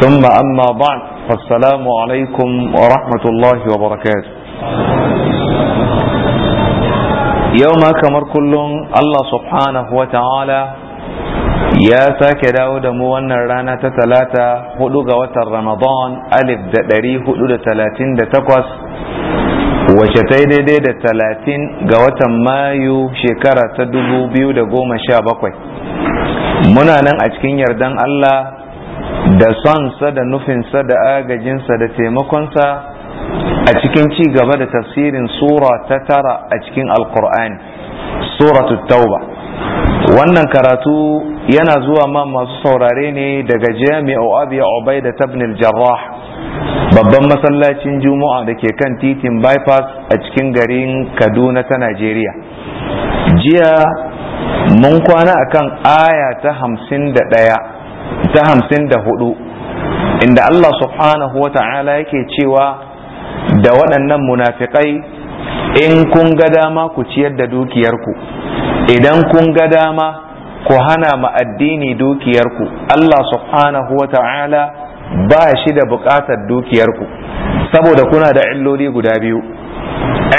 ثم أما بعد فالسلام عليكم ورحمة الله وبركاته يوم كمر كل الله سبحانه وتعالى يا ساك داود موانا رانا تتلاتا هدوغ وتر رمضان ألف دري هدود تلاتين دتكوس وشتي دي دي تلاتين غوتا مايو شكرة تدبو بيو دقوم شابكوي منا نن أجكين يردن الله da sonsa da nufinsa da agajinsa da taimakonsa a cikin ci gaba da tafsirin sura ta tara a cikin alkur'ani suratu tauba wannan karatu yana zuwa ma masu saurare ne daga jami'a abiya obai da tabnil jarrah babban masallacin juma'a da ke kan titin bypass a cikin garin kaduna ta najeriya jiya mun kwana akan aya ta hamsin da ɗaya ta hamsin da hudu inda Allah subhanahu wa ta'ala yake cewa da waɗannan munafiƙai in kun ga dama ku ciyar da dukiyarku idan kun ga dama ku hana ma'addini dukiyarku Allah subhanahu wa ta'ala ba shi da buƙatar dukiyarku saboda kuna da illoli guda biyu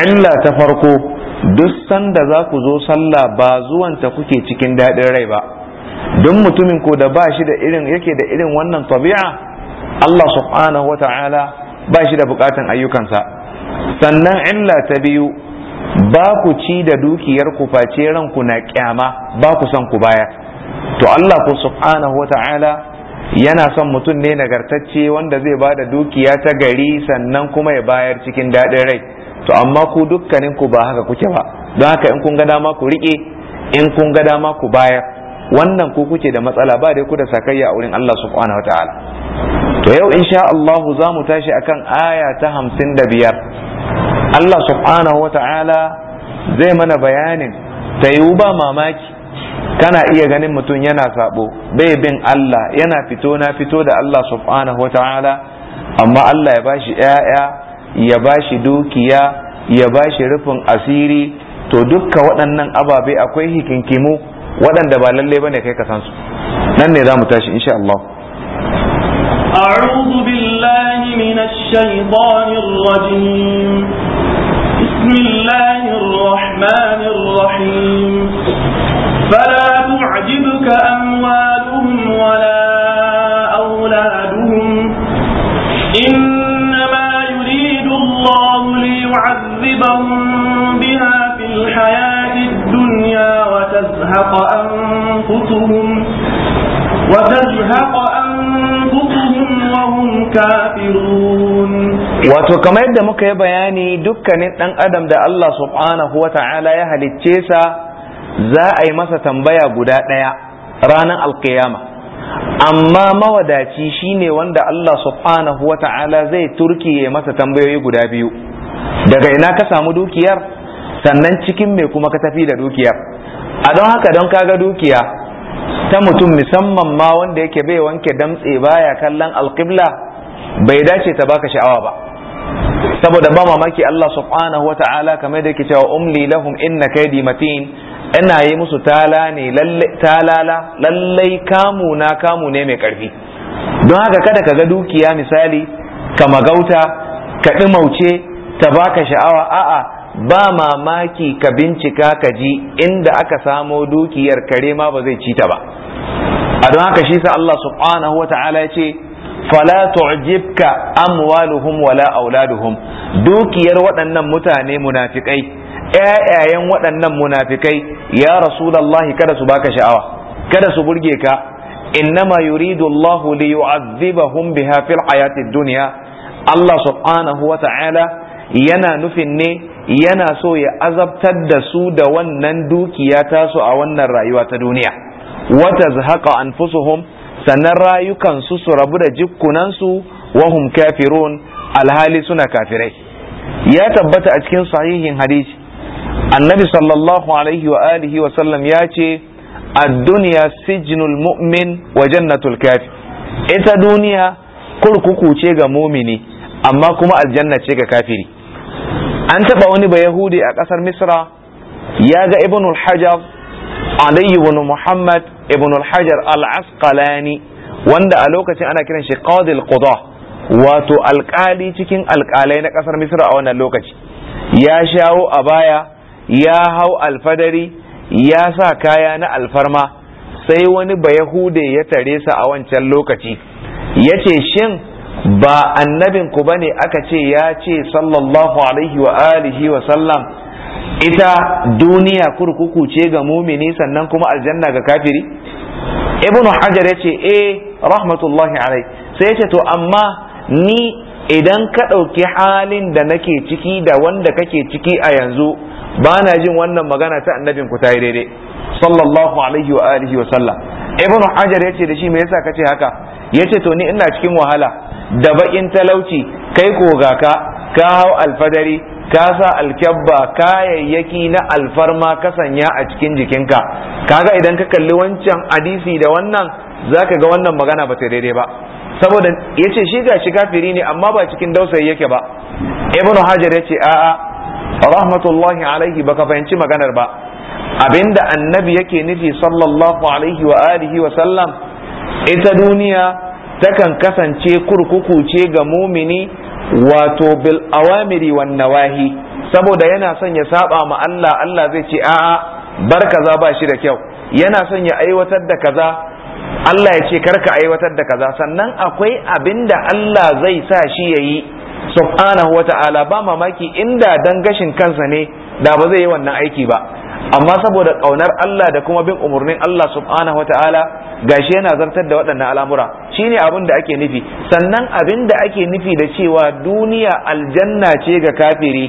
illa ta farko duk sanda za ku zo sallah ba zuwanta kuke cikin daɗin rai ba don mutumin ko da ba shi da irin yake da irin wannan tabi'a Allah subhanahu wa ta'ala ba shi da bukatan ayyukansa sannan illa ta biyu ba ku ci da dukiyar ku face ranku na kyama ba ku son ku baya to Allah ku subhanahu wa ta'ala yana son mutum ne nagartacce wanda zai ba da dukiya ta gari sannan kuma ya bayar cikin daɗin rai to amma ku dukkaninku ba haka kuke ba don haka in kun ga dama ku riƙe in kun ga dama ku bayar wannan ku kuke da matsala ba dai ku da sakayya a wurin Allah subhanahu wa ta'ala to yau insha Allah za mu tashi akan aya ta hamsin da biyar Allah subhanahu wa ta'ala zai mana bayanin ta yiwu ba mamaki kana iya ganin mutum yana sabo bai bin Allah yana fito na fito da Allah subhanahu wa ta'ala amma Allah ya bashi ‘ya'ya ya bashi dukiya ya bashi rufin asiri to dukka waɗannan ababe akwai hikinkimu waɗanda ba lalle bane kai ka san su nan ne za mu tashi insha Allah أعوذ بالله من الشيطان الرجيم بسم الله wato kamar yadda muka yi bayani dukkanin ɗan adam da Allah subhanahu wa ta'ala ya halicce sa za a yi masa tambaya guda ɗaya ranar alkiyama amma mawadaci shine wanda Allah subhanahu wa ta'ala zai turkiye masa tambayoyi guda biyu daga ina ka samu dukiyar sannan cikin me kuma ka tafi da dukiyar a don haka don kaga dukiya ta mutum musamman ma wanda yake bai wanke damtse baya kallon alkibla bai dace ta baka sha'awa ba saboda ba mamaki Allah subhanahu wa ta'ala kamar da yake cewa umli lahum inna kaydi matin ina yi musu tala talala lallai kamu na kamu ne mai karfi don haka kada ka ga dukiya misali ka magauta ka ɗimauce ta baka sha'awa a'a ba mamaki ka bincika ka ji inda aka samo dukiyar kare ma ba zai ci ta ba a don haka shi sa Allah subhanahu wa ta'ala ya ce fala tu'jibka amwaluhum wala auladuhum dukiyar waɗannan mutane munafikai ƴaƴayen waɗannan munafikai ya rasulullahi kada su baka sha'awa kada su burge ka innama yuridu Allahu li yu'adhibahum biha fil hayatid dunya Allah subhanahu wa ta'ala yana nufin ne yana so ya azabtar da su da wannan dukiya tasu a wannan rayuwa ta duniya wata zahaka anfusuhum sannan rayukansu su rabu da jikkunansu wahum kafirun alhali suna kafirai ya tabbata a cikin sahihin hadisi annabi sallallahu alaihi wa alihi wa sallam ya ce ad-dunya sijnul mu'min wa jannatul kafir ita duniya kurkuku ce ga mumini amma kuma aljanna ce ga kafiri an taba wani ba yahudi a kasar misra ya ga ibnul hajar alayhi wa muhammad ibn al-hajar al-asqalani wanda a lokacin ana kiran shi qadi al-qudah wato alkali cikin alkalai na kasar misra a wannan lokaci ya shawo a baya ya hau alfadari ya sa kaya na alfarma sai wani bayahude ya tare sa a wancan lokaci ya ce shin ba annabin ku bane aka ce ya ce sallallahu alaihi wa alihi wa sallam ita duniya kurkuku ce ga mumini sannan kuma aljanna ga kafiri ibn hajar ya ce eh rahmatullahi alai sai ya ce to amma ni idan ka ɗauki halin da nake ciki da wanda kake ciki a yanzu ba na jin wannan magana ta annabin ku ta yi daidai sallallahu alaihi wa alihi wa sallam ibn hajar ya ce da shi me yasa kace haka ya ce to ni ina cikin wahala da bakin talauci kai ko ga ka ka hau alfadari ka sa alkyabba kayayyaki na alfarma ka sanya a cikin jikinka kaga idan ka kalli wancan hadisi da wannan zaka ga wannan magana ba ta daidai ba saboda yace shi ga kafiri ne amma ba cikin dausayi yake ba ibn hajar yace a'a rahmatullahi alaihi baka fahimci maganar ba abinda annabi yake nufi sallallahu alaihi wa alihi wa sallam ita duniya takan kasance kurkuku ce ga mumini wato bil awamiri wan nawahi saboda yana son ya saba ma Allah Allah zai ce a'a bar kaza ba shi da kyau yana son ya aiwatar da kaza Allah ya ce karka aiwatar da kaza sannan akwai abinda Allah zai sa shi yayi subhanahu wata'ala ba mamaki inda dan gashin kansa ne da ba zai yi wannan aiki ba amma saboda ƙaunar Allah da kuma bin umarnin Allah subhanahu wa ta'ala gashi yana zartar da waɗannan al'amura shine abin da ake nufi sannan abin da ake nufi da cewa duniya aljanna ce ga kafiri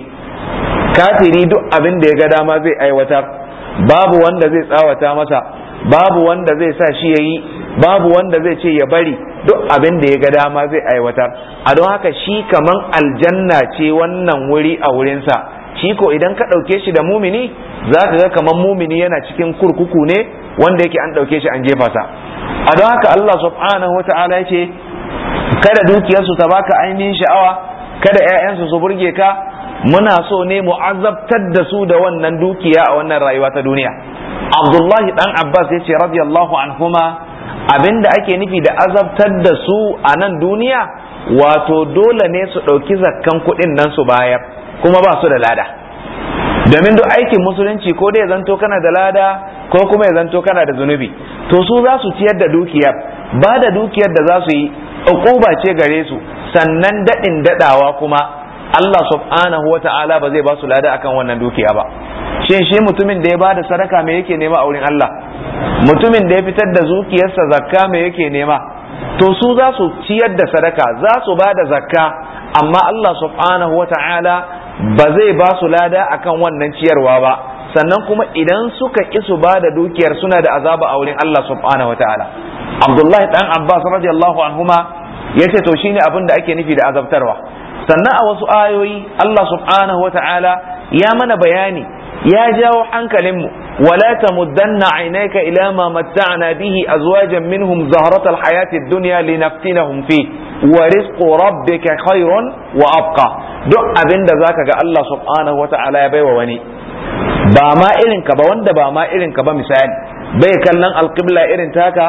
kafiri duk abin da ya ga dama zai aiwatar babu wanda zai tsawata masa babu wanda zai sa shi yayi babu wanda zai ce ya bari duk abin da ya ga dama zai aiwatar a don haka shi kaman aljanna ce wannan wuri a wurinsa shi ko idan ka ɗauke shi da mumini za ka ga kamar mumini yana cikin kurkuku ne wanda yake an ɗauke shi an jefa sa a don haka Allah subhanahu wa ta'ala ya ce kada dukiyarsu ta baka ainihin sha'awa kada 'ya'yansu su burge ka muna so ne mu azabtar da su da wannan dukiya a wannan rayuwa ta duniya abdullahi dan abbas ya ce radiyallahu anhuma abinda ake nufi da azabtar da su a nan duniya wato dole ne su ɗauki zakkan kuɗin nan su bayar kuma ba su da lada domin duk aikin musulunci ko dai zanto kana da lada ko kuma ya zanto kana da zunubi to su za su ciyar da dukiyar ba da dukiyar da za su yi uquba ce gare su sannan daɗin daɗawa kuma Allah subhanahu wa ta'ala ba zai ba su lada akan wannan dukiya ba shin shi mutumin da ya ba da sadaka me yake nema a wurin Allah mutumin da ya fitar da zukiyarsa zakka me yake nema to su za su ciyar da sadaka za su ba da zakka amma Allah subhanahu wa ta'ala ba zai ba su lada akan wannan ciyarwa ba sannan kuma idan suka ki su ba da dukiyar suna da azaba a wurin Allah subhanahu wataala Abdullahi dan Abbas radiyallahu anhuma ce to shine abin da ake nufi da azabtarwa sannan a wasu ayoyi Allah subhanahu wataala ya mana bayani ya jawo hankalinmu wala tamuddanna ainaka ila ma matta'na bihi azwajan minhum zahrata alhayati duniya dunya linaftinahum fi wa rizqu rabbika khairun wa abqa duk abinda zaka ga Allah subhanahu wa ta'ala ya baiwa wani ba ma irin ka ba wanda ba ma irin ka ba misali bai kallon alqibla irin taka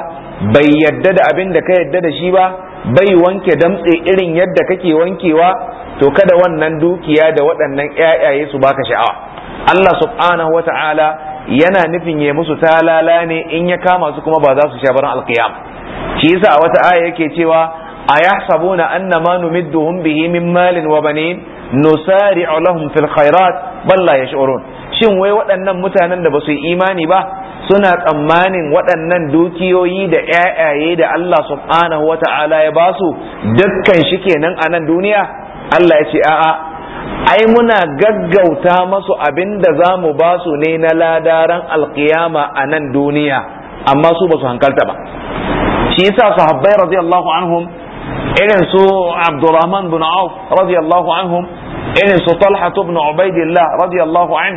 bai yadda da abin da ka yadda da shi ba bai wanke damtse irin yadda kake wankewa to kada wannan dukiya da waɗannan ƴaƴaye su baka sha'awa Allah subhanahu wata'ala yana nufin ya musu talala ne in ya kama su kuma ba za su sha baran alqiyam shi yasa a wata aya yake cewa أيحسبون أن ما نمدهم به malin مال وبنين نسارع لهم في الخيرات بل لا يشعرون shin wai waɗannan mutanen da ba su yi imani ba suna tsammanin waɗannan dukiyoyi da ƴaƴaye da Allah subhanahu wa ta'ala ya basu dukkan shi kenan a nan duniya Allah ya ce a'a ai muna gaggauta masu abin da za mu ba su ne na ladaran alkiyama a nan duniya amma su ba su hankalta ba shi yasa sahabbai radiyallahu anhum irin su abdurrahman bin auf radiyallahu anhum irin su talha ibn ubaidillah radiyallahu an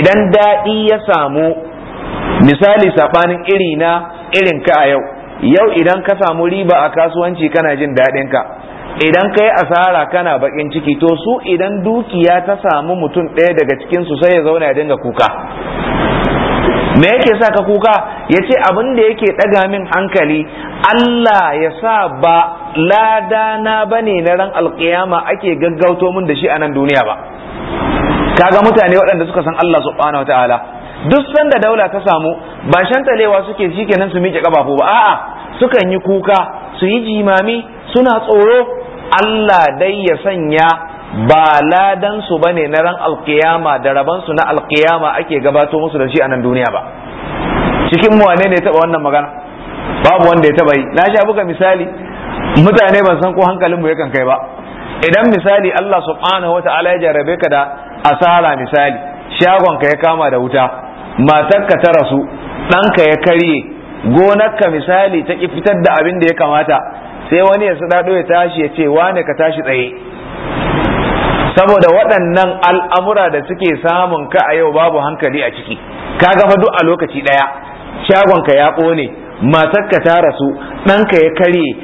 idan daɗi ya samu misali safanin iri na irin ka a yau yau idan ka samu riba a kasuwanci kana jin dadin ka idan kai asara kana bakin ciki to su idan dukiya ta samu mutum ɗaya daga cikin su sai ya zauna ya dinga kuka me yake sa ka kuka ya ce abin da yake ɗaga min hankali Allah ya sa ba ladana ba ne na ran alkiyama ake gaggauto mun da shi a nan duniya ba kaga mutane waɗanda suka san Allah subhanahu wataala ta'ala duk sanda daula ta samu ba shantalewa suke kenan su miƙe ƙafafu ba a'a sukan yi kuka su yi jimami suna tsoro Allah dai ya sanya ba ladan su bane na ran alkiyama da raban su na alkiyama ake gabato musu da shi a nan duniya ba cikin mu wane ne taba wannan magana babu wanda ya taba yi na sha buga misali mutane ban san ko hankalin mu yakan kai ba idan misali Allah subhanahu wataala ya jarabe ka da asara misali shagon ka ya kama da wuta matarka ta rasu ɗanka ya karye gonarka misali ta ki fitar da abin da ya kamata sai wani ya sadado ya tashi ya ce wane ka tashi tsaye saboda waɗannan al'amura da suke samun ka a yau babu hankali a ciki ka gafa duk a lokaci ɗaya shagonka ya ƙone matarka ta rasu ɗanka ya karye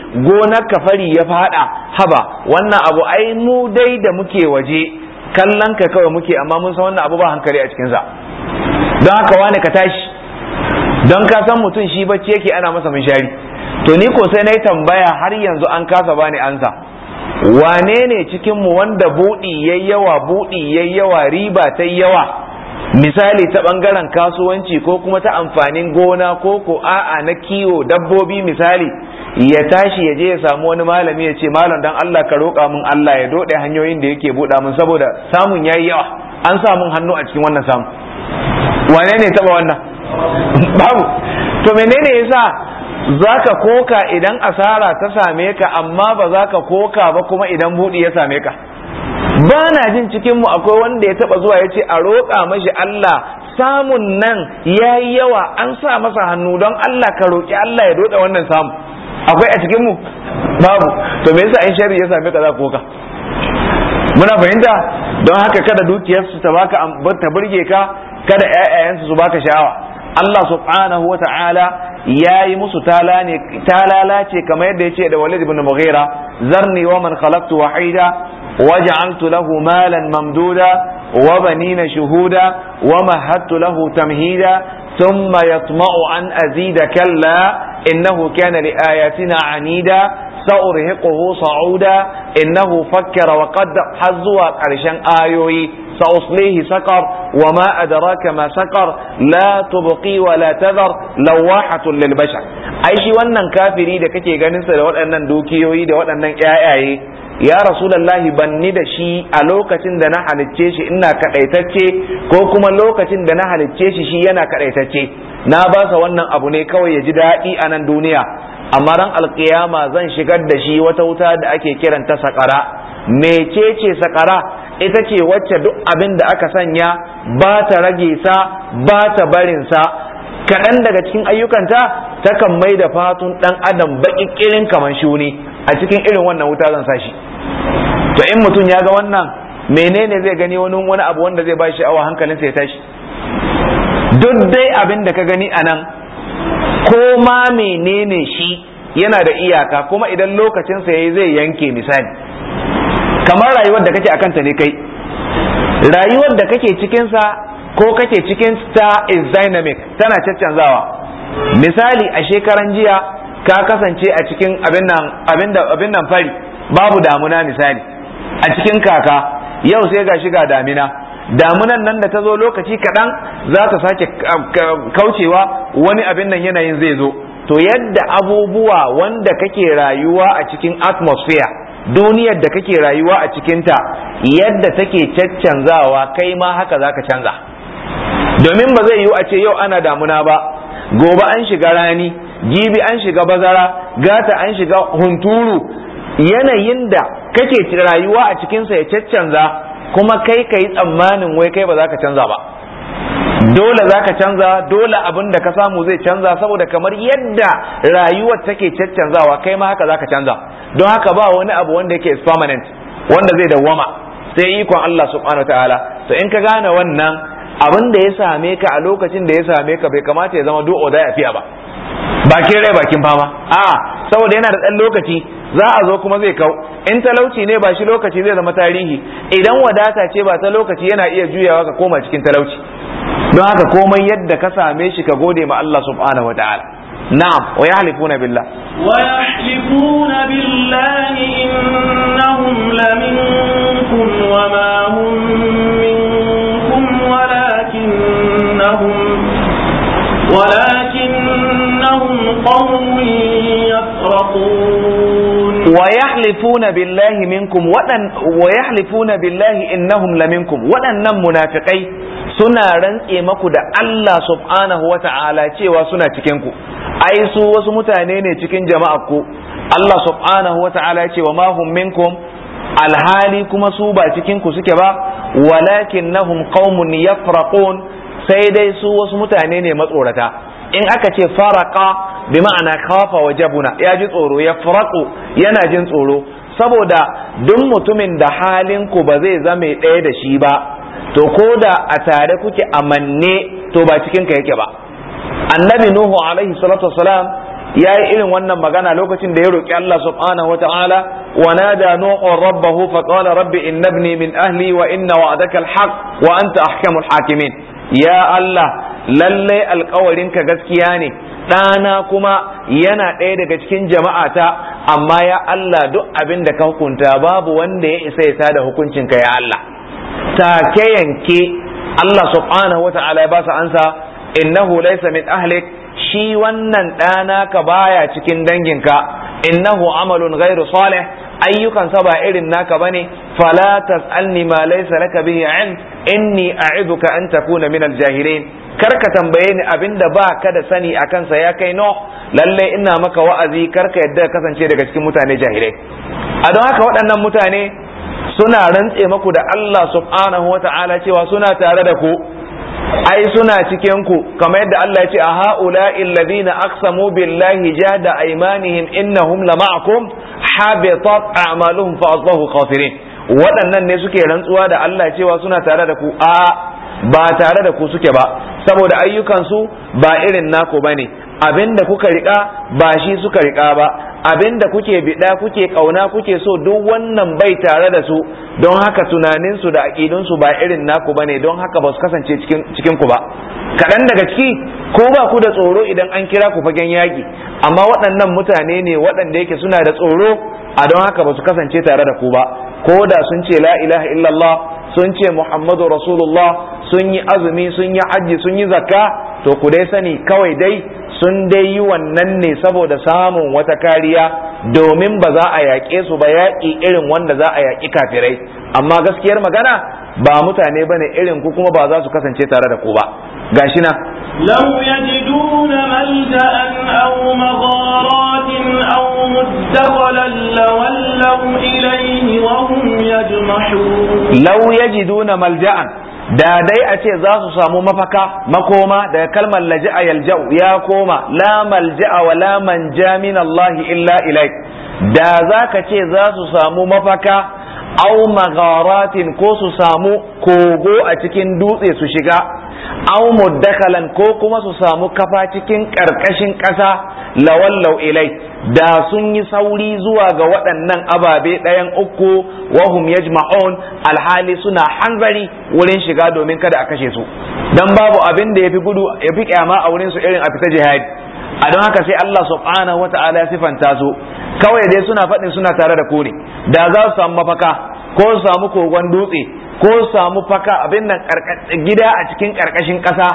ka fari ya faɗa haba wannan abu ai mu dai da muke waje kallon ka kawai muke amma mun san wannan abu ba hankali a cikinsa don haka wane ka tashi don ka san mutum shi bacci yake ana masa munshari to ni ko sai na yi tambaya har yanzu an kasa bani ansa wane ne cikinmu wanda buɗi ya yawa buɗi ya yawa riba ta yawa misali ta ɓangaren kasuwanci ko kuma ta amfanin gona ko ko a'a na kiwo dabbobi misali ya tashi ya je ya samu wani malami ya ce malam dan Allah ka roƙa mun Allah ya dode hanyoyin da yake buɗa mun saboda samun yayi yawa an sa mun hannu a cikin wannan samu wane ne taɓa wannan babu to menene yasa za ka koka idan asara ta same ka amma ba za ka koka ba kuma idan buɗi ya same ka ba na jin cikinmu akwai wanda ya taɓa zuwa ya ce a roƙa mashi Allah samun nan ya yi yawa an sa masa hannu don Allah ka roƙi Allah ya doɗa wannan samu akwai a cikinmu babu to me yasa in shari'a ya same ka za ka koka muna fahimta don haka kada dukiyarsu ta baka burge ka kada yayayansu su baka sha'awa Allah subhanahu wa ta'ala ya yi musu talala ce kamar yadda ya ce da Walid ibn Mughira zarni wa man khalaqtu wahida ja'altu lahu malan mamduda wa banina shuhuda wa mahattu lahu tamhida thumma yatma'u an azida kalla innahu kana li ayatina anida Sa'ur sa'uda innahu fakkara wa qadda har zuwa ƙarshen ayoyi sa'uslihi saqar wa ma adraka ma saqar la tubqi wa la tadhar lawahatun lil bashar wannan kafiri da kake ganin sa da waɗannan dukiyoyi da waɗannan 'ya'yaye, ya rasu rasulullahi banni da shi a lokacin da na halicce shi ina kaɗaitacce, ko kuma lokacin da na halicce shi shi yana kadaitacce na basa wannan abu ne kawai ya ji daɗi a nan duniya amma ran alkiyama zan shigar da shi wata wuta da ake kiranta sakara mecece sakara ita ce wacce duk abin da aka sanya ba ta rage sa ba ta barin sa kaɗan daga cikin ayyukanta takan mai da fatun ɗan adam baƙiƙirin ƙirin kamar shuni a cikin irin wannan wuta zan sa to in mutum ya ga wannan menene zai gani wani wani abu wanda zai ba shi awa hankalinsa ya tashi duk dai abin da ka gani a nan ko ma menene shi yana da iyaka kuma idan lokacin sa yayi zai yanke misali kamar rayuwar da kake akan ta ne kai rayuwar da kake cikinsa ko kake cikin ta is dynamic tana caccanzawa misali a shekaran jiya ka kasance a cikin abin nan abin nan fari babu damuna misali a cikin kaka yau sai ga shiga damina damunan nan da ta zo lokaci kaɗan za ta sake kaucewa wani abin nan yanayin zai zo to yadda abubuwa wanda kake rayuwa a cikin atmosphere duniyar da kake rayuwa a cikinta yadda take caccanzawa kai ma haka za ka canza domin ba zai yiwu a ce yau ana damuna ba gobe an shiga rani jibi an shiga bazara gata an shiga hunturu yanayin da kake rayuwa a cikinsa ya caccanza kuma kai ka yi tsammanin wai kai ba za ka canza ba dole za ka canza dole abin da ka samu zai canza saboda kamar yadda rayuwar take caccanzawa kai ma haka za ka canza don haka ba wani abu wanda yake permanent wanda zai dawwama sai ikon Allah subhanahu ta'ala to in ka gane wannan abin da ya same ka a lokacin da ya same ka bai kamata ya zama do'o da fiya ba bakin rai bakin fama a saboda yana da ɗan lokaci za a zo kuma zai kau in talauci ne ba shi lokaci zai zama tarihi idan wadata ce ba ta lokaci yana iya juyawa ka koma cikin talauci don haka komai yadda ka same shi ka gode ma Allah subhanahu wa ta'ala na'am wa yahlifuna billah wa yahlifuna billahi innahum laminkum wa ma hum minkum walakinnahum walakinnahum qawmun yafraqun wa yahlifuna billahi minkum wadan wa yahlifuna billahi innahum laminkum waɗannan munafikai suna rantse maku da Allah subhanahu wa ta'ala cewa suna cikin ku ai su wasu mutane ne cikin jama'a ku Allah subhanahu wa ta'ala ce wa ma hum minkum alhali kuma su ba cikin ku suke ba walakinnahum qaumun yafraqun sai dai su wasu mutane ne matsorata in aka ce faraka bi ma'ana kafa wajabuna ya ji tsoro ya faraku yana jin tsoro saboda duk mutumin da halin ku ba zai zame ɗaya da shi ba to ko da a tare kuke amanne to ba cikin ka yake ba annabi nuhu alaihi salatu wasalam ya yi irin wannan magana lokacin da ya roƙi Allah subhanahu wa ta'ala wa nada nuhu rabbahu fa qala rabbi innabni min ahli wa inna wa'adaka al wa anta ahkamul hakimin ya Allah lallai alkawarinka gaskiya ne ɗana kuma yana ɗaya daga cikin jama'ata amma ya Allah duk abin da ka hukunta babu wanda ya isa ya sada hukuncinka ya Allah take yanke Allah subhanahu wata'ala ya ba su ansa innahu laysa min ahlik shi wannan ɗana ka baya cikin danginka innahu amalun ghairu salih ayyukansa ba irin naka bane fala tasalni ma laysa laka bihi ilm inni a'iduka an takuna min al-jahilin kar ka tambaye ni abinda ba ka da sani a kansa ya kai no lalle ina maka wa'azi kar ka yadda kasance daga cikin mutane jahilai a don haka waɗannan mutane suna rantse maku da Allah subhanahu wa ta'ala cewa suna tare da ku ai suna cikin ku kamar yadda Allah ya ce a haula'i illazina aqsamu billahi jahda aymanihim innahum lama'akum habitat a'maluhum fa asbahu khasirin waɗannan ne suke rantsuwa da Allah cewa suna tare da ku a ba tare da ku suke ba saboda ayyukansu ba irin naku bane Abin da kuka riƙa ba shi suka riƙa ba abin da kuke biɗa kuke ƙauna kuke so duk wannan bai tare da su don haka tunaninsu da aƙidunsu ba irin naku bane don haka ba su kasance cikin ku ba kaɗan daga ciki ko ba ku da tsoro idan an kira ku fagen yaki amma waɗannan mutane ne waɗanda yake suna da tsoro a don haka ba su kasance tare da ku ba ko da sun ce la ilaha illallah sun ce muhammadu rasulullah sun yi azumi sun yi hajji sun yi zakka to ku dai sani kawai dai sun dai yi wannan ne saboda samun wata kariya domin ba za a yaƙe su ba yaƙi irin wanda za a yaƙi kafirai amma gaskiyar magana ba mutane bane irin ku kuma ba za su kasance tare da ku ba gashi na لو يجدون ملجأ أو مغارات أو مدخلا لولوا إليه وهم يجمحون لو يجدون ملجأ da dai a ce za su samu mafaka makoma daga kalmar laji'a yalja'u ya koma la malja'a wa la manja Allah illa ilai, da za ka ce za su samu mafaka au magharatin ko su samu kogo a cikin dutse su shiga aw muddakhalan ko kuma su samu kafa cikin karkashin ƙasa lawallau ilai da sun yi sauri zuwa ga waɗannan ababe ɗayan uku wahum yajma'un alhali suna hanzari wurin shiga domin kada a kashe su dan babu abin da yafi gudu yafi kyama a wurin su irin a fita jihad a don haka sai Allah subhanahu wata'ala ya sifanta su kawai dai suna faɗin suna tare da kore da za su samu mafaka ko su samu kogon dutse ko samu faka abin nan gida a cikin karkashin ƙasa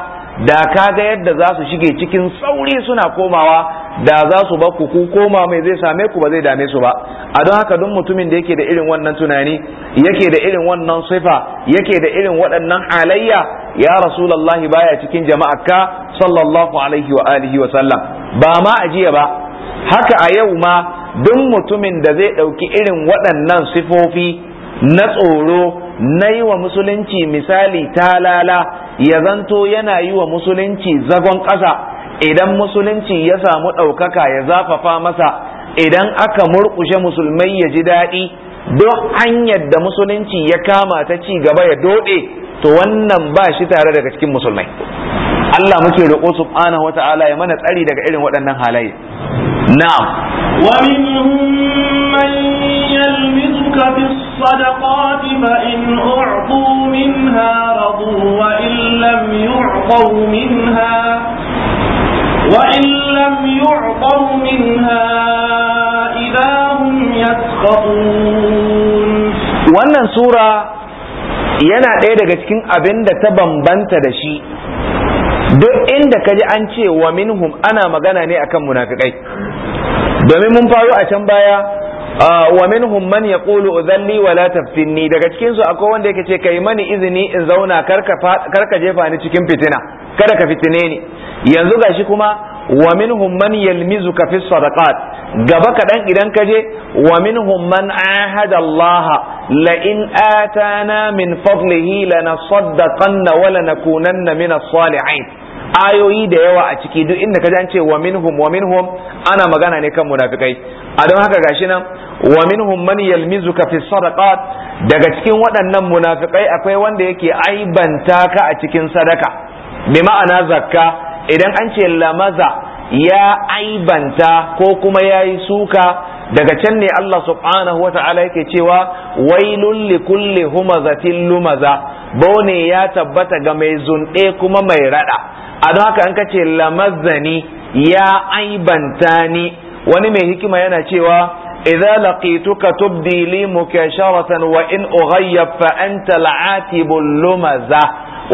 da ka ga yadda za su shige cikin sauri suna komawa da za su ba ku koma mai zai same ku ba zai dame su ba a don haka duk mutumin da yake da irin wannan tunani yake da irin wannan sifa yake da irin waɗannan alayya ya rasulullahi baya cikin ka? sallallahu alaihi wa alihi wa sallam ba ma a jiya ba haka a yau ma duk mutumin da zai ɗauki irin waɗannan sifofi na tsoro na yi wa musulunci misali ta lala ya zanto yana yi wa musulunci zagon ƙasa idan musulunci ya samu ɗaukaka ya zafafa masa idan aka murƙushe musulmai ya ji daɗi duk hanyar da musulunci ya kama ta ci gaba ya doɗe to wannan ba shi tare daga cikin musulmai Allah muke roƙo subhanahu wa ta'ala ya mana tsari daga irin waɗannan halaye na'am wa minhum man يلمزك في الصدقات فإن أعطوا منها رضوا وإن لم يعطوا منها وإن لم يعطوا منها إذا هم يسخطون وأن سورة yana ɗaya daga cikin abin تبن ta bambanta da duk inda ka ji an ce wa minhum ana magana ne akan munafikai domin mun faru a can baya Ah, wa minhum man yaqulu udhalli wa la taftinni daga cikin su akwai wanda yake ce kai mani izini in zauna kar ka jefa ni cikin fitina kada ka fitine ni yanzu gashi kuma wa minhum man yalmizuka fi sadaqat gaba kadan idan ka je wa minhum man ahada Allah la in atana min fadlihi lanasaddaqanna wa lanakunanna min as-salihin ayoyi da yawa a ciki duk inda ka ji an ce wa minhum wa minhum ana magana ne kan munafikai a don haka gashi nan wa minhum man ka fi sadaqat daga cikin waɗannan munafikai akwai wanda yake aibanta ka a cikin sadaka bi ma'ana zakka idan an ce lamaza ya aibanta ko kuma yayi suka daga can ne Allah subhanahu wa ta'ala yake cewa wailul li kulli humazatin lumaza bone ya tabbata ga mai zunɗe kuma mai rada a don haka an kace lamazani ya aibanta ni wani mai hikima yana cewa إذا لقيتك تبدي لي مكاشرة وإن أغيب فأنت العاتب اللمزة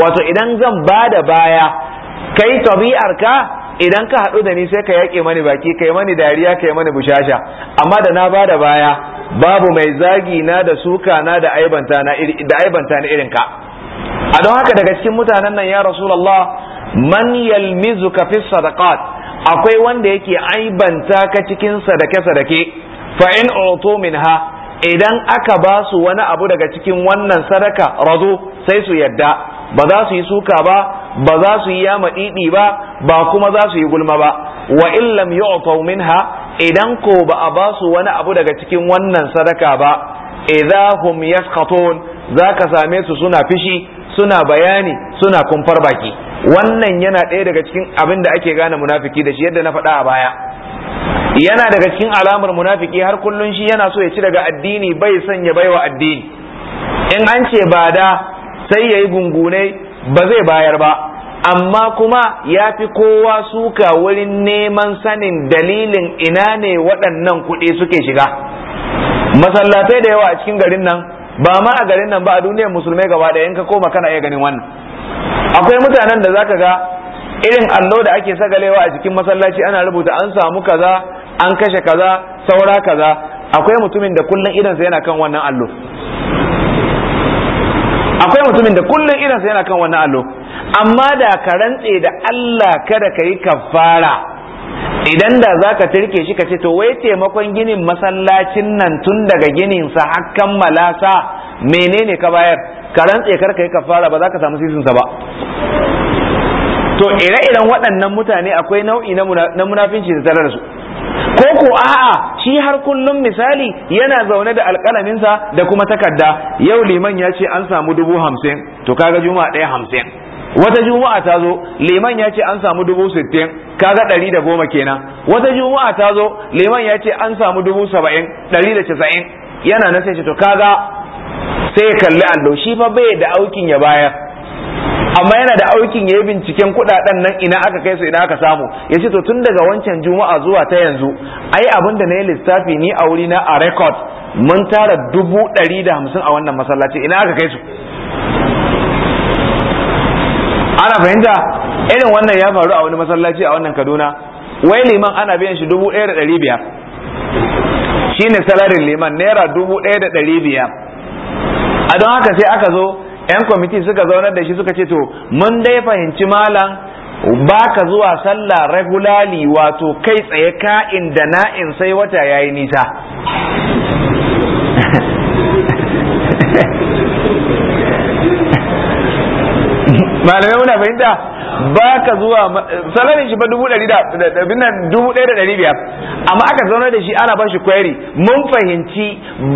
wato idan zan ba da baya kai tabi'arka idan ka haɗu da ni sai ka yaƙe mani baki kai mani dariya kai mani bushasha amma da na ba da baya babu mai zagi na da suka na da aibanta na da aibanta na irin ka a don haka daga cikin mutanen nan ya rasulullah man yalmizuka fi sadaqat akwai wanda yake aibanta ka cikin sadake sadake fa in utu minha idan aka ba su wani abu daga cikin wannan sadaka ra'zo sai su yadda ba za su yi suka ba ba za su yi yama didi ba ba kuma za su yi gulma ba wa in lam minha idan ko ba a ba su wani abu daga cikin wannan sadaka ba idza hum yaskhatun zaka same su suna fishi suna bayani suna kumfar baki wannan yana ɗaya daga cikin abin da ake gane munafiki da shi yadda na faɗa a baya yana daga cikin alamar munafiki har kullun shi yana so ya ci daga addini bai san ya baiwa addini in an ce ba da sai ya yi gungune ba zai bayar ba amma kuma ya fi kowa suka wurin neman sanin dalilin ina ne waɗannan kuɗi suke shiga masallatai da yawa a cikin garin nan ba ma a garin nan ba a duniyar musulmai gaba ɗaya in ka koma kana iya ganin wannan akwai mutanen da za ka ga irin allo da ake sagalewa a cikin masallaci ana rubuta an samu kaza an kashe kaza saura kaza akwai mutumin da kullun idansa yana kan wannan allo akwai mutumin da kullun idansa yana kan wannan allo amma da ka rantse da Allah kada ka yi kafara idan da za ka turke shi ka ce to wai taimakon ginin masallacin nan tun daga gininsa sa kammala malasa menene ka bayar ka rantse kar ka yi kafara ba za ka samu sisinsa ba to ire-iren waɗannan mutane akwai nau'i na munafinci da tare da ko a'a shi har kullum misali yana zaune da alƙalaminsa da kuma takarda yau liman ya ce an samu dubu hamsin to kaga juma'a ɗaya hamsin wata juma'a ta zo liman ya ce an samu dubu sittin kaga ɗari da goma kenan wata juma'a ta zo liman ya ce an samu dubu saba'in ɗari da casa'in yana na sai to kaga sai ya kalli allo shi fa bai da aukin ya bayar amma yana da aukin ya yi binciken kuɗaɗen nan ina aka kai su ina aka samu ya ce to tun daga wancan juma'a zuwa ta yanzu ai abin da na yi lissafi ni a wuri na a rekod mun tara dubu ɗari da hamsin a wannan masallaci ina aka kai su ana fahimta irin wannan ya faru a wani masallaci a wannan kaduna wai liman ana biyan shi dubu ɗaya da ɗari biyar shine salarin liman naira dubu ɗaya da ɗari biyar a don haka sai aka zo 'yan kwamiti suka zaunar da shi suka ce to mun dai fahimci malam ba ka zuwa sallah regularly wato kai tsaye ka'in da na'in sai wata yayi nisa malamai muna fahimta ba ka zuwa salarin shi fa dubu ɗari da dubu ɗaya da ɗari biyar amma aka zaune da shi ana ba shi kwari mun fahimci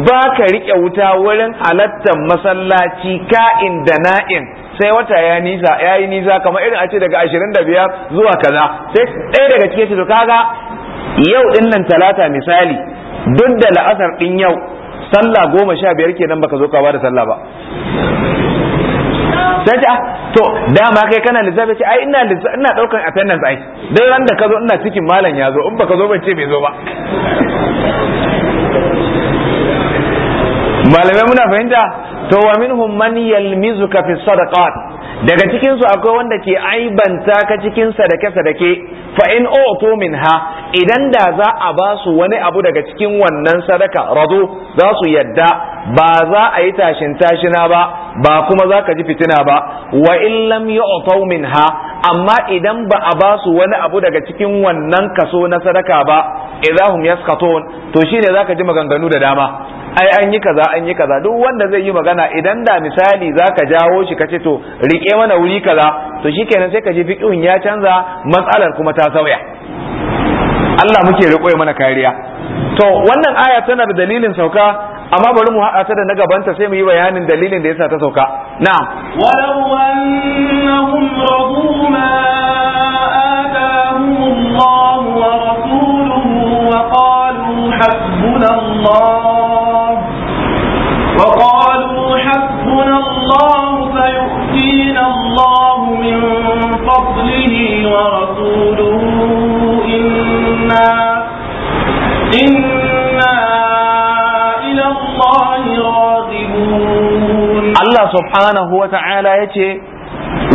ba ka riƙe wuta wurin halattar masallaci ka'in da na'in sai wata ya nisa ya yi nisa kamar irin a ce daga ashirin da biyar zuwa kaza sai ɗaya daga cikin shi to kaga yau ɗin nan talata misali duk da la'asar ɗin yau sallah goma sha biyar kenan baka zo ka ba da sallah ba sai ce ah, to dama kai kana lissafi ce ai ina lissafi ina daukan attendance ai dai ran da ka zo ina cikin malam ya zo in baka zo ban bai zo ba malamai muna fahimta to wa minhum man yalmizuka fi sadaqat daga cikinsu akwai wanda ke aibanta ka cikin sadake-sadake fa in oto minha idan da za a ba su wani abu daga cikin wannan sadaka razo za su yadda ba za a yi tashin tashina ba ba kuma za ka ji fitina ba wa in lam yu'tau minha amma idan ba a ba su wani abu daga cikin wannan kaso na sadaka ba idahum yaskatun to shine zaka ji maganganu da dama ai an yi kaza an yi kaza duk wanda zai yi magana idan da misali zaka jawo shi kace to rike mana wuri kaza to shikenan sai ka ji fiqhun ya canza matsalar kuma ta sauya Allah muke riko mana kariya to wannan aya tana da dalilin sauka amma bari mu haɗa ta da na gabanta sai mu yi bayanin dalilin da yasa ta sauka na'am walau annahum subhanahu wa ta'ala ya ce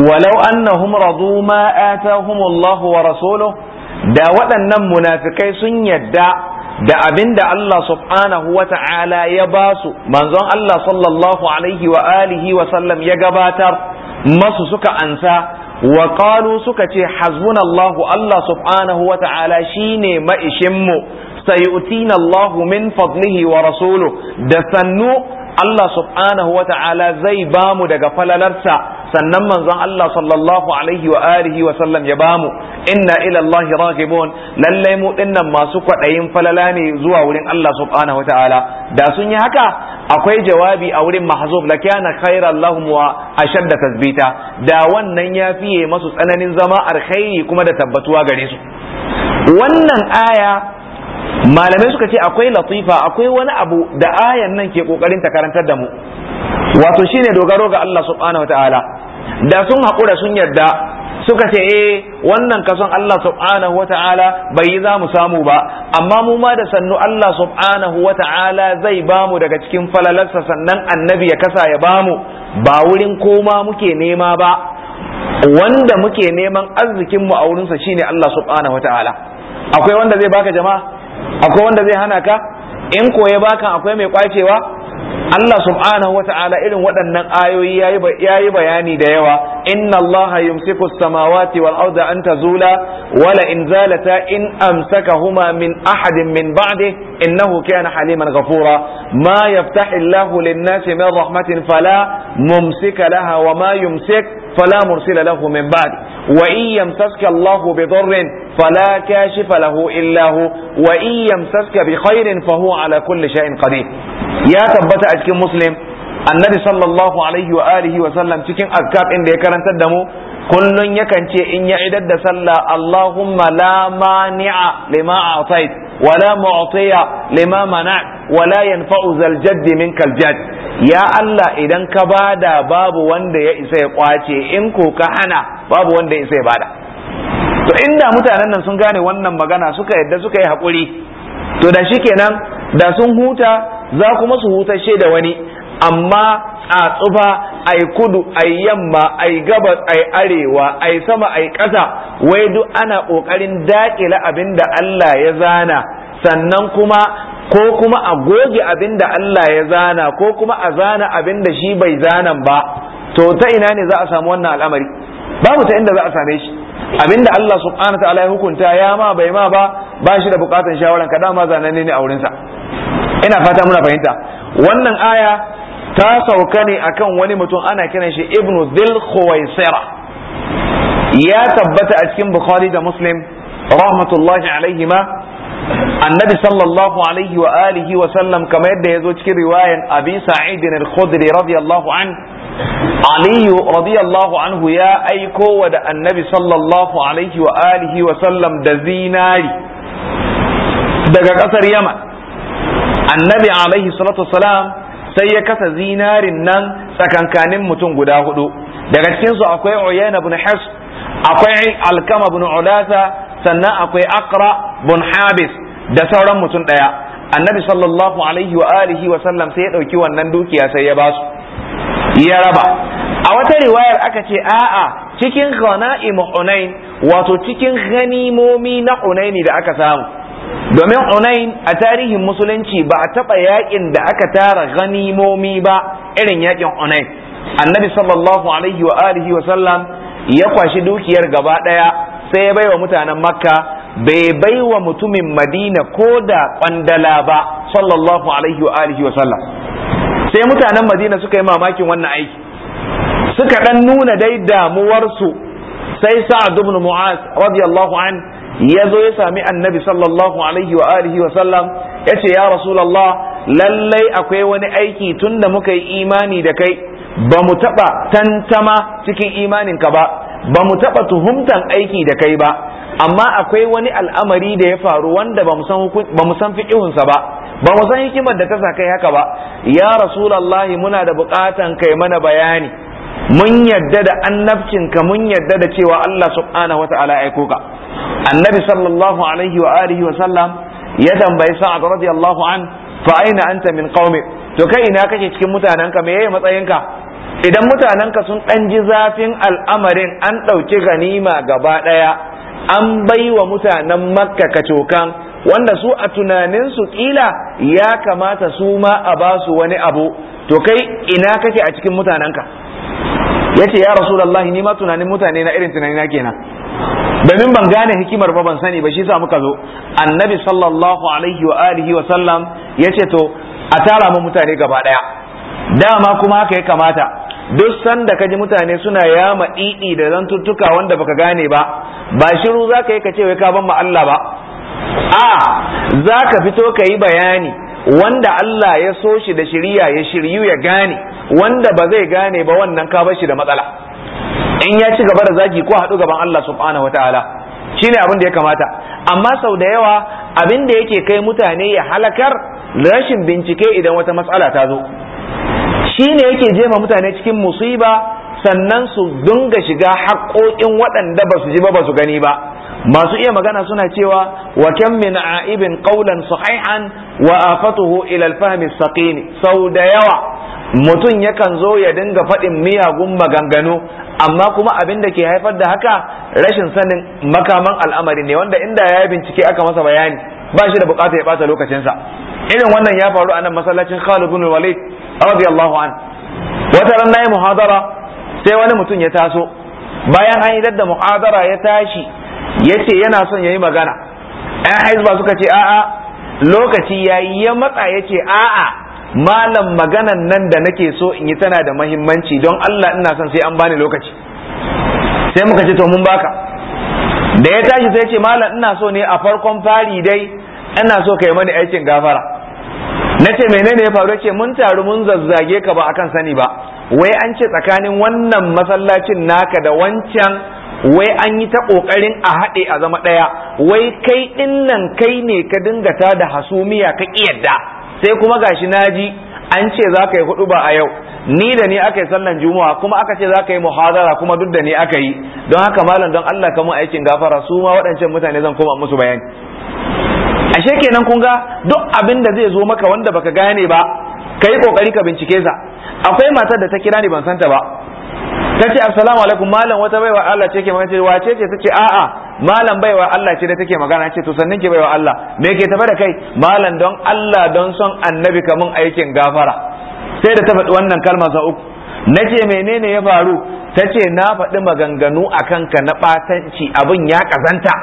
walau annahum radu ma atahumullahu wa rasuluhu da waɗannan munafikai sun yadda da abin da Allah subhanahu wa ta'ala ya ba su manzon Allah sallallahu alaihi wa alihi wa sallam ya gabatar masu suka ansa wa qalu suka ce hasbunallahu Allah subhanahu wa ta'ala shine maishin mu sayu'tina Allahu min fadlihi wa rasuluhu da sannu Allah subhanahu wa ta'ala zai bamu daga falalarsa sannan manzon Allah sallallahu alaihi wa alihi wa sallam ya bamu inna ila Allah raghibun lallai mu dinnan masu kwadayin falala ne zuwa wurin Allah subhanahu wa ta'ala da sun yi haka akwai jawabi a wurin mahzub la kana khairan lahum wa ashadda tasbita da wannan ya fiye masu tsananin zama alkhairi kuma da tabbatuwa gare su wannan aya malamai suka ce akwai latifa akwai wani abu da ayan nan ke kokarin ta karantar da mu wato shine dogaro ga Allah subhanahu wataala da sun haƙura sun yarda suka ce eh wannan kason Allah subhanahu wataala bai yi za mu samu ba amma mu ma da sannu Allah subhanahu wataala zai bamu daga cikin falalarsa sannan annabi ya kasa ya bamu ba wurin koma muke nema ba wanda muke neman arzikinmu a wurinsa shine Allah subhanahu wataala akwai wanda zai baka jama'a akwai wanda zai hana ka in koye baka akwai mai kwacewa Allah subhanahu wata'ala irin waɗannan ayoyi yayi bayani da yawa inna Allah yumsiku samawati wal arda an tazula wala in zalata in amsakahuma min ahadin min ba'di innahu kana haliman ghafura ma yaftahillahu Allah lin-nasi min rahmatin fala mumsika laha wa ma yumsik فلا مرسل له من بعد وإن يمسسك الله بضر فلا كاشف له إلا هو وإن يمسسك بخير فهو على كل شيء قدير يا تبت أجك مسلم annabi sallallahu alaihi wa alihi wa sallam cikin azkar din da ya karantar da mu kullun yakan ce in ya idar da sallah Allahuma lamani'a lima wala mu'tiya lima mana wala yanfa'u zal jaddi jadd ya Allah idan ka bada babu wanda ya isa ya kwace in ko ka hana babu wanda ya isa ya bada to inda mutanen nan sun gane wannan magana suka yadda suka yi hakuri to da shikenan da sun huta za kuma su hutashe da wani amma a tsufa ai kudu ai yamma ai gabas ai arewa ai sama ai ƙasa wai duk ana ƙoƙarin daƙila abin da Allah ya zana sannan kuma ko kuma a goge abin da Allah ya zana ko kuma a zana abin da shi bai zanan ba to ta ina ne za a samu wannan al'amari babu ta inda za a same shi Abin da Allah subhanahu ta'ala ya hukunta ya ma bai ma ba ba shi da bukatun shawaran ka dama zananne ne a wurinsa ina fata muna fahimta wannan aya ta sauka ne akan wani mutum ana kiran shi ibnu dhil khuwaisira ya tabbata a cikin bukhari da muslim rahmatullahi alaihima annabi sallallahu alaihi wa alihi wa sallam kamar yadda ya zo cikin riwayan abi sa'idin al-khudri radiyallahu an aliyu radiyallahu anhu ya aiko wa da annabi sallallahu alaihi wa alihi wa sallam da zinari daga kasar yaman annabi alaihi salatu wasalam sai ya kasa zinarin nan tsakankanin mutum guda hudu daga cikin su akwai uyayna ibn hirs akwai alkama ibn ulasa sannan akwai aqra ibn habis da sauran mutum daya annabi sallallahu alaihi wa alihi wa sallam sai ya dauki wannan dukiya sai ya basu ya raba a wata riwayar aka ce a'a cikin ghana'im hunain wato cikin ganimomi na hunaini da aka samu domin unain a tarihin musulunci ba a taɓa yakin da aka tara ganimomi ba irin yakin unain annabi sallallahu alaihi wa alihi wa sallam ya kwashi dukiyar gaba ɗaya sai ya baiwa mutanen makka bai baiwa mutumin madina ko da kwandala ba sallallahu alaihi wa alihi wa sallam sai mutanen madina suka yi mamakin wannan aiki suka ɗan nuna dai damuwarsu sai sa'ad ibn mu'az radiyallahu an ya zo ya sami annabi sallallahu alaihi wa alihi wa sallam ya ce ya rasulallah lallai akwai wani aiki tun da muka yi imani da kai ba mu taɓa tantama cikin imaninka ba ba mu taɓa tuhumtan aiki da kai ba amma akwai wani al'amari da ya faru wanda ba mu san fiƙihunsa ba ba mu san hikimar da ta sa kai haka ba ya rasulallahi muna da buƙatan kai mana bayani mun yadda da annabcinka mun yadda da cewa Allah subhanahu wa ta'ala aiko ka annabi sallallahu alaihi wa alihi wa sallam ya tambayi sa'ad radiyallahu an fa aina anta min qaumi to kai ina kake cikin mutanenka me yayi matsayinka idan mutanenka sun dan ji zafin al'amarin an dauki ganima gaba daya an baiwa mutanen makka kacokan wanda su a tunaninsu kila ya kamata su ma a ba su wani abu to kai ina kake a cikin mutanenka ya ce ya rasu rasulullahi ni ma tunanin mutane na irin tunani na kenan domin ban gane hikimar ba ban sani ba shi sa muka zo annabi sallallahu alaihi wa alihi wa sallam ya ce to a tara mu mutane gaba daya dama kuma haka ya kamata duk sanda ka ji mutane suna yama didi da zantuttuka wanda baka gane ba ba shiru za ka yi ka ce wai ka ban ma Allah ba a zaka fito ka yi bayani wanda Allah ya so shi da shiriya ya shiryu ya gane wanda ba zai gane ba wannan ka bar shi da matsala in ya ci gaba da zagi ko haɗu gaban Allah subhanahu wataala shine abin da ya kamata amma sau da yawa abin da yake kai mutane ya halakar rashin bincike idan wata matsala ta zo shine yake jema mutane cikin musiba sannan su dunga shiga haƙoƙin waɗanda ba su ji ba ba su gani ba masu iya magana suna cewa wa kam min a'ibin qawlan sahihan wa afatuhu ila al-fahmi saqim sau da yawa mutum yakan zo ya dinga faɗin miyagun maganganu amma kuma abin da ke haifar da haka rashin sanin makaman al'amari ne wanda inda ya yi bincike aka masa bayani ba shi da bukata ya bata lokacinsa irin wannan ya faru a nan masallacin Khalid bin Walid radiyallahu an wata ran nayi muhadara sai wani mutum ya taso bayan an yi da muhadara ya tashi yace yana son ya yi magana 'yan haizba suka ce a'a lokaci yayi ya matsa ya a'a malam maganan nan da nake so in yi tana da mahimmanci don Allah ina son sai an bani lokaci sai muka ce to mun baka da ya tashi sai ce malam ina so ne a farkon fari dai ina so ka yi mani aikin gafara Nace menene ya faru ce mun taru mun zazzage ka ba akan sani ba wai an ce tsakanin wannan masallacin naka da wancan wai an yi ta kokarin a haɗe a zama ɗaya wai kai ɗin kai ne ka dinga ta da hasumiya ka yadda sai kuma gashi naji an ce za ka yi hudu ba a yau ni da ni aka yi sallan juma'a kuma aka ce za ka yi muhazara kuma duk da ni aka yi don haka malam don Allah ka mun aikin gafara su ma waɗancan mutane zan koma musu bayani ashe kenan kun ga duk abin da zai zo maka wanda baka gane ba ka yi kokari ka bincike sa akwai matar da ta kira ni ban santa ba ta ce assalamu alaikum malam wata baiwa Allah ce ke ce wace ce ta ce a'a malam baiwa Allah ce da take magana ce to sannan ke baiwa Allah me yake tafa da kai malam don Allah don son annabi kamun aikin gafara sai da ta faɗi wannan kalma sa uku nace menene ya faru tace na faɗi maganganu a kanka na ɓatanci abin ya ƙazanta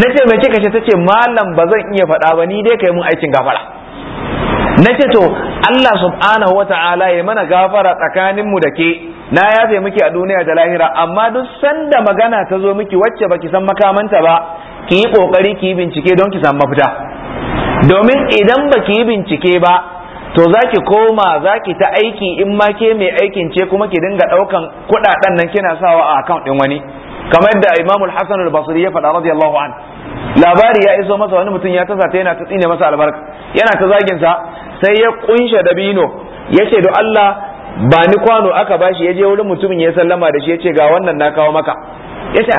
na ce mai kika ce ta ce malam ba zan iya faɗa ba ni dai kai mun aikin gafara na to Allah subhanahu wata'ala ya mana gafara tsakaninmu da ke na yafe miki a duniya da lahira amma duk sanda magana ta zo miki wacce baki san makamanta ba ki yi kokari ki yi bincike don ki san mafita domin idan baki yi bincike ba to zaki koma zaki ta aiki in ma ke mai aikin ce kuma ki dinga daukan kudaden nan kina sawa a account din wani kamar yadda Imam Al-Hasan Al-Basri ya faɗa radiyallahu an labari ya iso masa wani mutum ya tasa ta yana ta tsine masa albarka yana ta zagin sa sai ya kunshe dabino yace do Allah ba ni kwano aka bashi ya je wurin mutumin ya sallama da shi ya ce ga wannan na kawo maka yace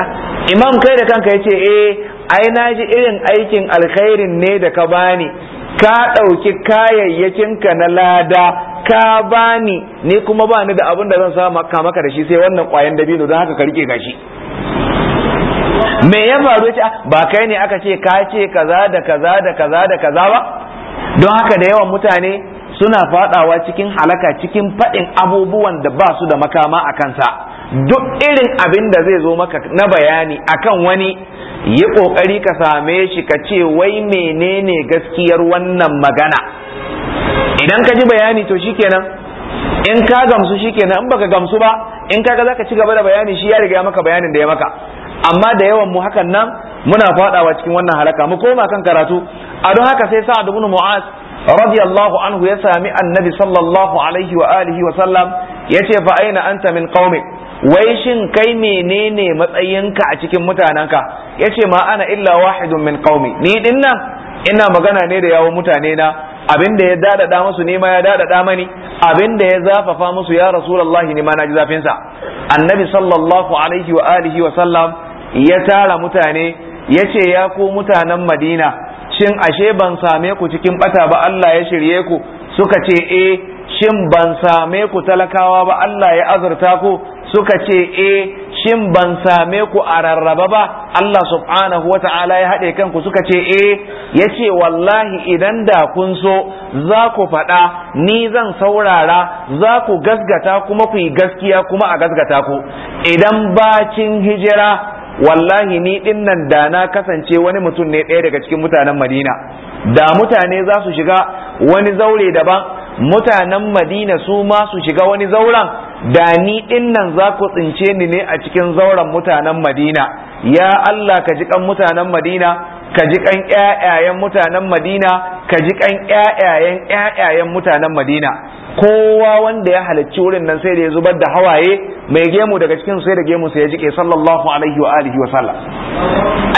imam kai da kanka yace ce eh ai na ji irin aikin alkhairin ne da ka bani ka ɗauki ka na lada ka bani ni kuma ba ni da abin da zan sa ka maka da shi sai wannan kwayan dabino don haka ka rike gashi me ya faru ce ah, ba kai ne aka ce ka ce kaza da kaza da kaza da kaza ba don haka da yawan mutane suna fadawa cikin halaka cikin faɗin abubuwan da ba su da makama a kansa duk irin abin da zai zo maka na bayani akan wani yi ƙoƙari ka same shi ka ce wai menene gaskiyar wannan magana idan ka ji bayani to shikenan in ka gamsu shikenan in baka gamsu ba in kaga zaka ci gaba da bayani shi ya riga maka bayanin da ya maka amma da yawan mu hakan nan muna fadawa cikin wannan halaka mu koma kan karatu a don haka sai sa'ad ibn mu'az radiyallahu anhu ya sami annabi sallallahu alaihi wa alihi wa sallam yace fa aina anta min qaumi wai shin kai menene matsayinka a cikin mutanenka yace ma ana illa wahidun min qaumi ni dinnan ina magana ne da yawon mutane na abin ya dadada musu ne ma ya daɗaɗa mani abin da ya zafafa musu ya rasulullahi ne ma na ji zafin sa annabi sallallahu alaihi wa alihi wa sallam ya tara mutane yace ya ku mutanen madina shin ashe ban same ku cikin bata ba Allah ya shirye ku suka ce e shin ban same ku talakawa ba Allah ya azurta ku suka ce e shin ban same ku a rarraba ba Allah subhanahu wa ta'ala ya haɗe kanku suka ce e ya ce wallahi idan da kun so za ku faɗa ni zan saurara za ku gasgata kuma ku yi gaskiya kuma a gasgata ku idan bacin hijira wallahi ni din nan da na kasance wani mutum ne ɗaya daga cikin mutanen madina da mutane za su shiga wani zaure daban mutanen madina su ma su shiga wani zauren da ni din nan za ku tsince ni ne a cikin zauren mutanen madina ya allah ka ji kan mutanen madina ka ji kan ƴaƴayen mutanen madina ka ji kan ƴaƴayen ƴaƴayen mutanen madina kowa wanda ya halarci wurin nan sai da ya zubar da hawaye mai gemu daga cikin sai da gemu sai ya jike sallallahu alaihi wa alihi wa sallam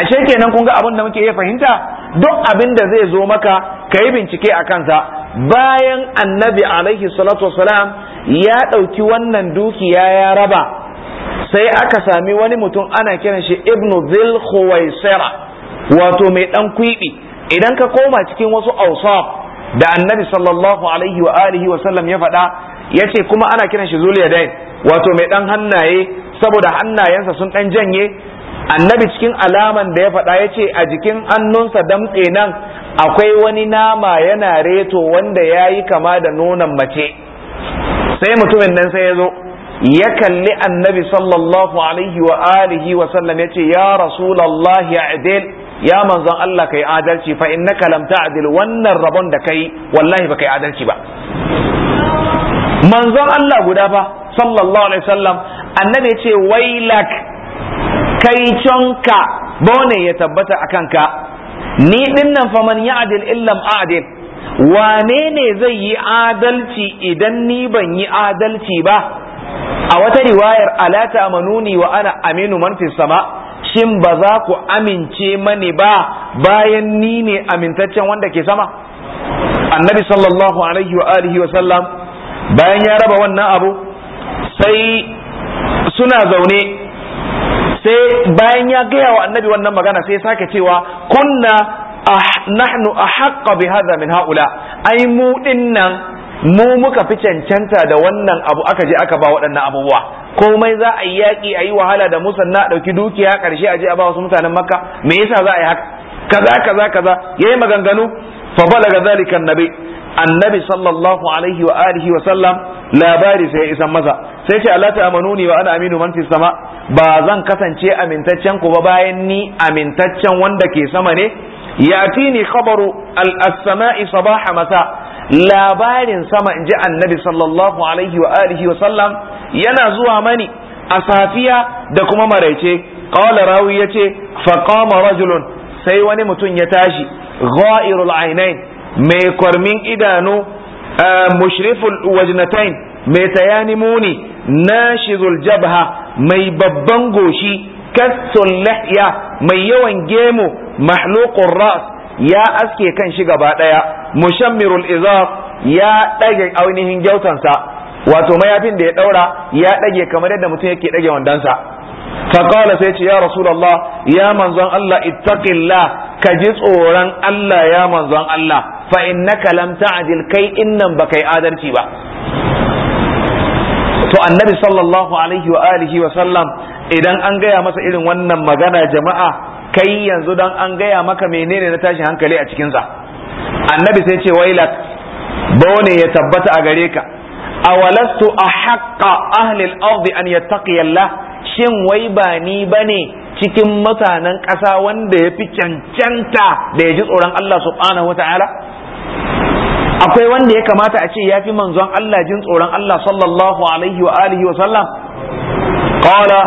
ashe kenan kun ga abin da muke iya fahimta duk abin da zai zo maka ka yi bincike a kansa bayan annabi alaihi salatu wassalam ya ɗauki wannan dukiya ya raba sai aka sami wani mutum ana kiran shi ibnu zil khuwaisira wato mai dan kwibi idan ka koma cikin wasu awsaf da annabi sallallahu alaihi wa alihi wa sallam ya faɗa yace kuma ana kiran shi zul yadain wato mai dan hannaye saboda hannayensa sun dan janye annabi cikin alaman da ya faɗa yace a jikin hannunsa damtse nan akwai wani nama yana reto wanda ya yi kama da nonon mace sai mutumin nan sai ya zo ya kalli annabi sallallahu alaihi wa alihi wa sallam yace ya rasulullahi adil ya manzon Allah kai adalci fa innaka lam ta'dil wannan rabon da kai wallahi ba kai adalci ba manzon Allah guda fa sallallahu alaihi wasallam annabi ya ce lak kai cionka bone ya tabbata akan ka ni dinnan fa man ya'dil illam a'dil wane ne zai yi adalci idan ni ban yi adalci ba a wata riwayar alata ta'manuni wa ana aminu man sama' shin ba za ku amince mani ba bayan ni ne amintaccen wanda ke sama annabi sallallahu alaihi wa alihi wa sallam bayan ya raba wannan abu sai suna zaune sai bayan ya gaya wa annabi wannan magana sai sake cewa kunna ah, nahnu ahqqa bi hadha min haula ai mu dinnan mu muka fi cancanta da wannan abu aka je aka ba waɗannan abubuwa komai za a yi yaƙi a yi wahala da na ɗauki dukiya ƙarshe a je a ba wasu mutanen makka me yasa za a yi haka kaza kaza kaza yayi maganganu fa balaga zalika annabi annabi sallallahu alaihi wa alihi wa sallam labari sai ya isan masa sai ce Allah ta'amanuni wa ana aminu man fis sama ba zan kasance amintaccen ku ba bayan ni amintaccen wanda ke sama ne yatini khabaru al-sama'i sabaha masa labarin sama in ji annabi sallallahu alaihi wa alihi wa sallam yana zuwa mani a safiya da kuma maraice qala rawi yace fa qama rajulun sai wani mutum ya tashi ghairul ainain mai kwarmin idanu ah, mushriful wajnatain mai tayani muni nashizul jabha mai babban goshi kasul lahya mai yawan gemu mahluqur ras ya aske kan shi gaba daya mushammirul izar ya ɗage ainihin gyautansa wato mayafin da ya daura ya ɗage kamar yadda mutum yake ɗage wandansa faqala sai ce ya rasulullah ya manzon Allah ittaqillah ka ji tsoron Allah ya manzon Allah fa innaka lam ta'dil kai innan yi adalci ba to annabi sallallahu alaihi wa alihi wa sallam idan an gaya masa irin wannan magana jama'a kai yanzu dan an gaya maka menene na tashin hankali a cikinsa annabi sai ce wailak bone ya tabbata a gare ka awalastu a haƙa ahlil ardi an yattaqi shin wai ba ni bane cikin mutanen ƙasa wanda ya fi cancanta da ya ji tsoron Allah subhanahu wata'ala akwai wanda ya kamata a ce ya fi manzon Allah jin tsoron Allah sallallahu alaihi wa alihi wa sallam qala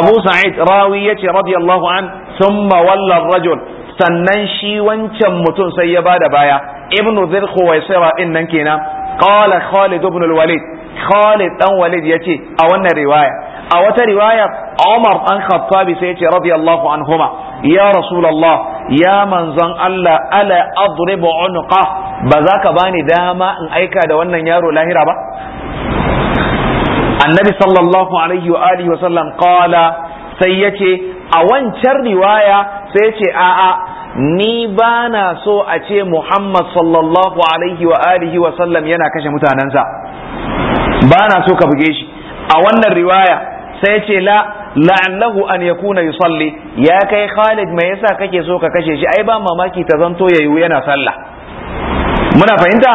abu sa'id rawi yace radiyallahu an summa wallan rajul sannan shi wancan mutum sai ya bada baya ibnu dhil khuwaisira din nan kenan qala khalid ibn al-walid khalid dan walid yace a wannan riwaya a wata riwaya umar dan khattabi sai yace radiyallahu anhuma ya rasulullah ya manzon Allah ala adribu unqa ba za ka bani dama in aika da wannan yaro lahira ba annabi sallallahu alaihi wa alihi wa sallam qala sai yace a wancan riwaya sai ce a'a ni ba na so a ce Muhammad sallallahu alaihi wa alihi wa sallam yana kashe mutanensa ba na so ka buge shi a wannan riwaya sai ce la la'allahu an yakuna yusalli ya kai Khalid me yasa kake so ka kashe shi ai ba mamaki ta zanto yayu yana sallah muna fahimta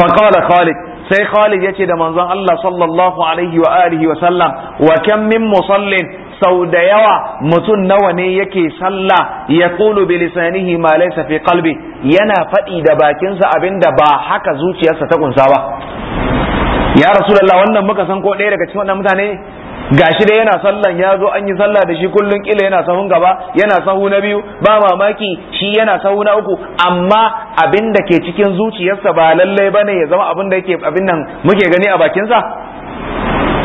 fa qala Khalid sai Khalid yace da manzon Allah sallallahu alaihi wa alihi wa sallam wa kam min musallin sau da yawa mutum nawa ne yake sallah ya kulu bi lisanihi ma laysa fi qalbi yana faɗi da bakinsa abinda ba haka zuciyarsa ta kunsa ba ya rasu rasulullah wannan muka san ko ɗaya daga cikin wannan mutane gashi dai yana sallan ya zo an yi sallah da shi kullun kila yana sahun gaba yana sahu na biyu ba mamaki shi yana sahu na uku amma abin da ke cikin zuciyarsa ba lallai bane ya zama abin da yake abin nan muke gani a bakinsa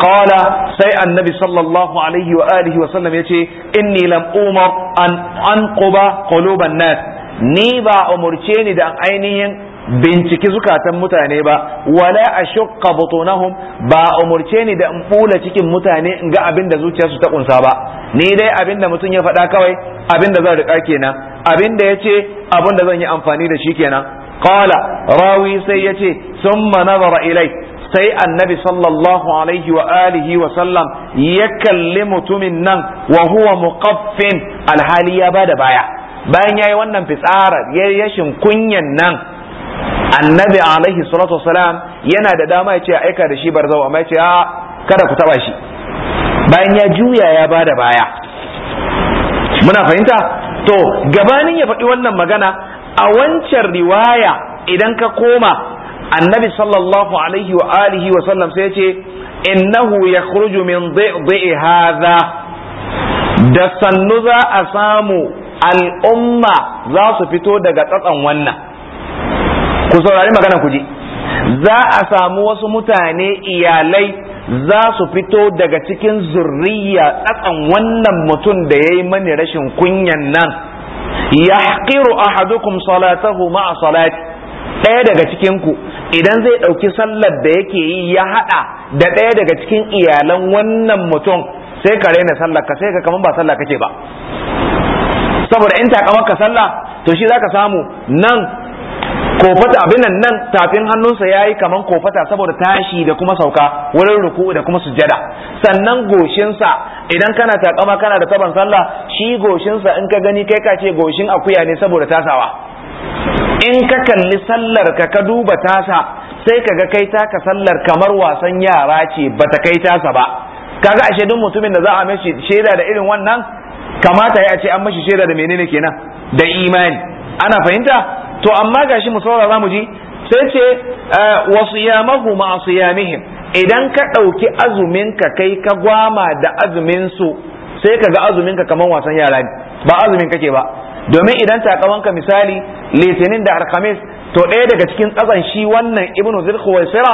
qala sai annabi sallallahu alaihi wa alihi wa sallam yace inni lam umar an anquba quluban nas ni ba umurce ni da ainihin binciki zukatan mutane ba wala ashqa butunahum ba umurce ni da in bula cikin mutane in ga abin da zuciyarsu ta kunsa ba ni dai abin da mutum ya faɗa kawai abin da zan rika kenan abin da yace abin da zan yi amfani da shi kenan qala rawi sai yace summa nazara ilai sai annabi sallallahu alaihi wa alihi wa sallam ya kalli mutumin nan wa huwa muqaffin alhali ya bada baya bayan yayi wannan fitsarar ya yashin kunyan nan annabi alaihi salatu wasalam yana da dama ya ce aika da shi barzawa amma ya ce a kada ku taba shi bayan ya juya ya bada baya muna fahimta to gabanin ya faɗi wannan magana a wancan riwaya idan ka koma annabi sallallahu alaihi wa alihi wa sallam sai ce innahu yakhruju min dhi'i hadha da sannu za a samu al'umma za su fito daga tsatsan wannan ku saurari magana ku ji za a samu wasu mutane iyalai za su fito daga cikin zurriya tsatsan wannan mutum da ya yi mani rashin kunyan nan ya haƙiru ahadukum ma a salati ɗaya daga cikinku idan zai ɗauki sallar da yake yi ya haɗa da ɗaya daga cikin iyalan wannan mutum sai ka raina sallar ka sai ka kaman ba sallah kake ba saboda in takamar ka sallah to shi zaka samu nan kofata abin nan nan tafin hannunsa ya yi kaman kofata saboda tashi da kuma sauka wurin ruku da kuma sujada. sannan goshinsa idan kana takama kana da taban sallah shi goshinsa in ka gani kai ka ce goshin akuya ne saboda tasawa in ka kalli sallar ka ka duba tasa sai ka ga kai taka sallar kamar wasan yara ce bata kai tasa ba kaga ashe duk mutumin da za a mashi shaida da irin wannan kamata ya ce an mashi shaida da menene kenan da imani ana fahimta to amma gashi mu saura mu ji sai ce eh, wa siyamahu ma siyamihim idan ka ɗauki azumin ka kai ka gwama da azumin su sai ka ga azumin ka kamar wasan yara ne ba azumin kake ba domin idan takawanka misali litinin da alhamis to ɗaya daga cikin tsazan shi wannan ibnu zilkhuwaisira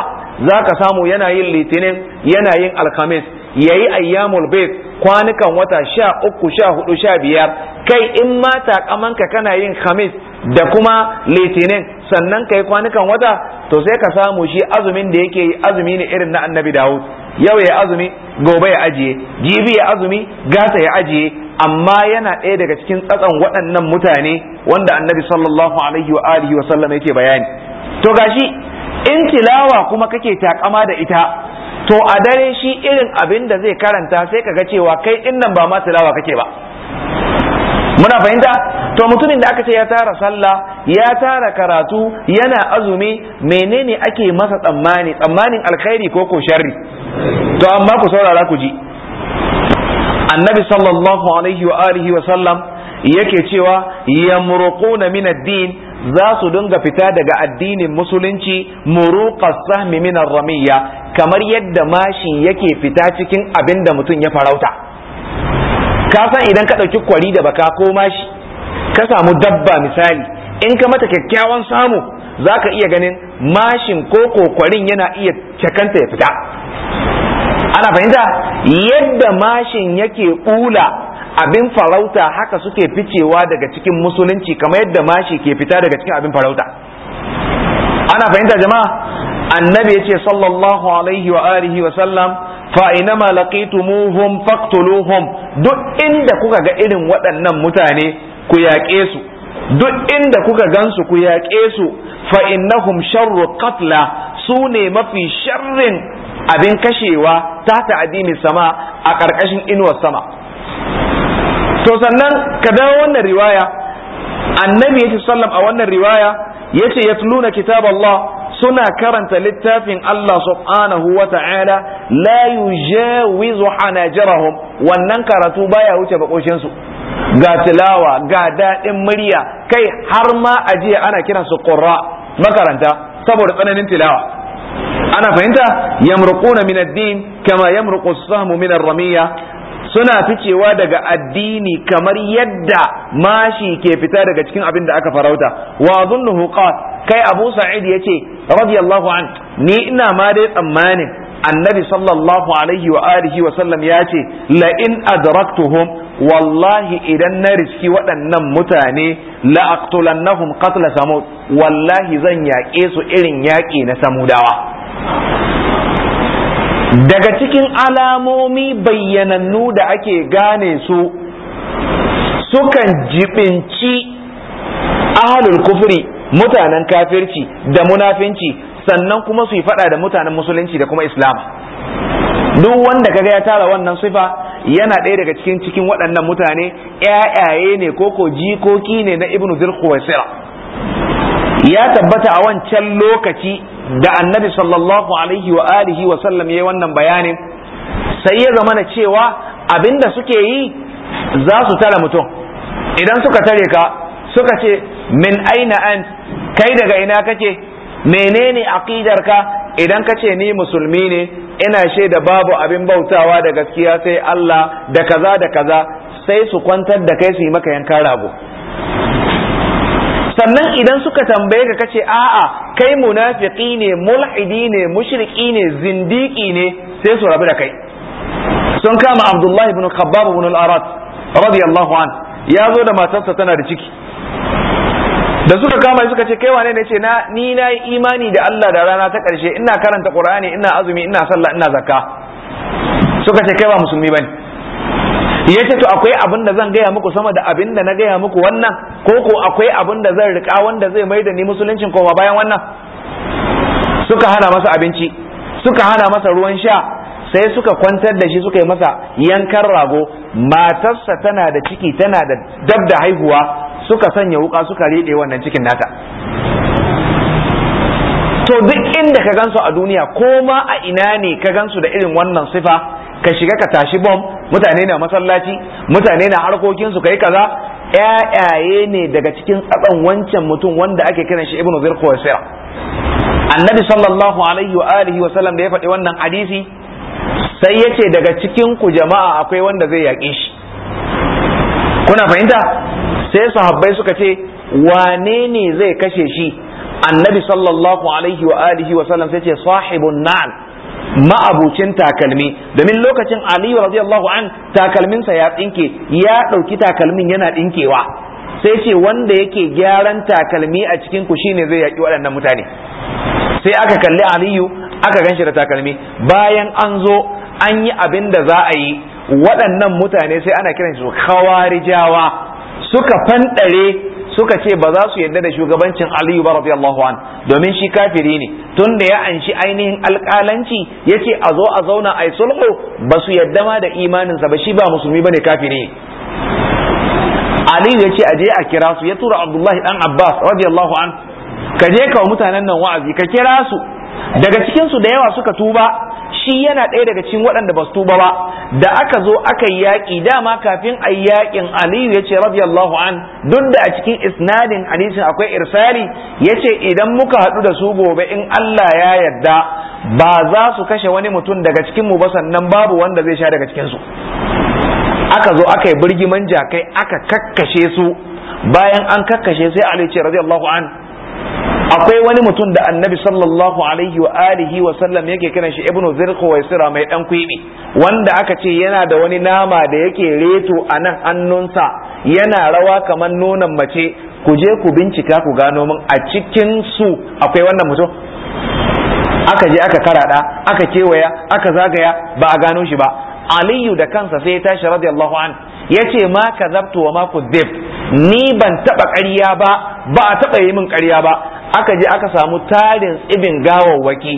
za ka samu yana yin litinin yana yin alhamis ya yi ayyamul bayt kwanukan wata sha uku sha hudu sha biyar kai in ma takamanka kana yin khamis da kuma litinin sannan kai kwanukan wata to sai ka samu shi azumin da yake yi azumi ne irin na annabi dawud yau ya azumi gobe ya ajiye jibi ya azumi gata ya ajiye amma yana ɗaya daga cikin tsatsan waɗannan mutane wanda annabi sallallahu alaihi wa alihi wa sallam yake bayani to gashi in tilawa kuma kake takama da ita to a dare shi irin abin da zai karanta sai kaga cewa kai innan nan ba ma tilawa kake ba muna fahimta to mutumin da aka ce ya tara sallah ya tara karatu yana azumi menene ake masa tsammani tsammanin alkhairi ko ko sharri to amma ku saurara ku ji annabi sallallahu alaihi wa alihi wa sallam yake cewa yamruquna min ad-din za su dinga fita daga addinin musulunci muruqas sahmi min ar-ramiyya kamar yadda mashin yake fita cikin abin da mutum ya farauta ka san idan ka ɗauki kwari da baka ko mashi ka samu dabba misali in ka mata kyakkyawan samu za ka iya ganin mashin ko kokwarin yana iya cakanta ya fita ana fahimta yadda mashin yake ɓula abin farauta haka suke ficewa daga cikin musulunci kamar yadda mashi ke fita daga cikin abin farauta ana fahimta jama'a annabi ya ce sallallahu alaihi wa alihi wa sallam fa inama laqitumuhum faqtuluhum duk inda kuka ga irin waɗannan mutane ku yaƙe su duk inda kuka gansu ku yaƙe su fa innahum sharru qatla su ne mafi sharrin abin kashewa ta ta'adimi sama a ƙarƙashin inuwar sama to sannan ka dawo wannan riwaya annabi yace sallam a wannan riwaya yace yatluna kitaballah Allah suna karanta littafin Allah subhanahu wa ta'ala la yujawizu hanajarahum wannan karatu baya wuce bakoshin su ga tilawa ga daɗin murya kai har ma ajiya ana su qurra makaranta saboda tsananin tilawa ana fahimta yamruquna min ad-din kama yamruqu as-sahmu min ar suna ficewa daga addini kamar yadda mashi ke fita daga cikin abin da aka farauta wa dhunnuhu qat kai Abu Sa'id yace radiyallahu an ni ina ma dai tsammanin annabi sallallahu alaihi wa alihi wa sallam ya ce la in adraktuhum wallahi idan na riski waɗannan mutane la aqtulannahum qatla samud wallahi zan yaƙe su irin yaƙi na samudawa daga cikin alamomi bayyanannu da ake gane su sukan jibinci ahalul kufri mutanen kafirci da munafinci sannan kuma su yi fada da mutanen musulunci da kuma islam duk wanda kaga ya tara wannan sifa yana ɗaya daga cikin cikin waɗannan mutane ƴaƴaye ne ko jikoki ne na ibnu Sira. ya tabbata a wancan lokaci da annabi sallallahu alaihi wa alihi wa sallam yayi wannan bayanin sai ya zama na cewa abinda suke yi za su tare mutum idan suka tare ka suka ce min aina an kai daga ina kake menene aqidar ka idan ka ce ni musulmi ne ina shaida babu abin bautawa da gaskiya sai Allah da kaza da kaza sai su kwantar da kai su yi maka yankan rago sannan idan suka tambaye ka kace a'a kai munafiki ne mulhidi ne mushriki ne zindiki ne sai su rabu da kai sun kama abdullahi ibn khabbab ibn al-arat radiyallahu an ya zo da matarsa tana da ciki da suka kama suka ce kai wane ne ce na ni na yi imani da Allah da rana ta karshe ina karanta qur'ani ina azumi ina sallah ina zakka suka ce kai ba musulmi bane ya ce to akwai abin da zan gaya muku sama da abin da na gaya muku wannan ko ko akwai abin da zan rika wanda zai mai da ni musuluncin koma bayan wannan suka hana masa abinci suka hana masa ruwan sha sai suka kwantar da shi suka yi masa yankan rago matarsa tana da ciki tana da dab da haihuwa suka sanya wuka suka riɗe wannan cikin nata to duk inda ka gansu a duniya ko ma a ina ne ka gansu da irin wannan sifa ka shiga ka tashi bomb mutane na masallaci mutane na harkokinsu su kai kaza ƴaƴaye ne daga cikin tsaban wancan mutum wanda ake kiran shi ibnu wasira annabi sallallahu alaihi wa alihi wa sallam da ya faɗi wannan hadisi sai yace daga cikin ku jama'a akwai wanda zai yaƙe shi kuna fahimta sai sahabbai suka ce wane ne zai kashe shi annabi sallallahu alaihi wa alihi wa sallam sai ce sahibun na'al ma'abucin takalmi domin lokacin aliyu radiyallahu an takalminsa ya tsinke ya ɗauki takalmin yana ɗinkewa sai ce wanda yake gyaran takalmi a cikin ku shine zai yaki waɗannan mutane sai aka kalli aliyu aka ganshi da takalmi bayan an zo an yi abin da za a yi waɗannan mutane sai ana kiran su kawarijawa suka fanɗare suka ce ba za su yadda da shugabancin aliyu ba radiyallahu an domin shi kafiri ne tun da ya anshi ainihin alƙalanci yace a zo a zauna ai sulhu ba su yarda ma da imaninsa ba shi ba musulmi ba ne kafiri aliyu ya ce a je a kira su ya tura abdullahi dan abbas radiyallahu an ka je ka mutanen nan wa'azi ka kira su daga cikinsu da yawa suka tuba shi yana ɗaya daga cikin waɗanda ba su tuba ba da aka zo aka yi yaƙi dama kafin a yi yaƙin aliyu ya ce radiyallahu an duk da a cikin isnadin hadisin akwai irsali ya ce idan muka haɗu da su gobe in Allah ya yarda ba za su kashe wani mutum daga cikin mu ba sannan babu wanda zai sha daga cikinsu aka zo aka yi birgiman jakai aka kakkashe su bayan an kakkashe sai Ali ce radiyallahu an akwai wani mutum da annabi sallallahu alaihi wa alihi wa sallam yake kiran shi ibnu zirqo wa sira mai dan kwibi wanda aka ce yana da wani nama da yake reto a nan hannunsa yana rawa kamar nonon mace ku je ku bincika ku gano min a cikin su akwai wannan mutum aka je aka karada aka kewaya aka zagaya ba a gano shi ba aliyu da kansa sai ya tashi radiyallahu an ce ma kazabtu wa ma kudzib ni ban taba ƙarya ba ba a taba yi min ƙarya ba aka je aka samu tarin tsibin gawawwaki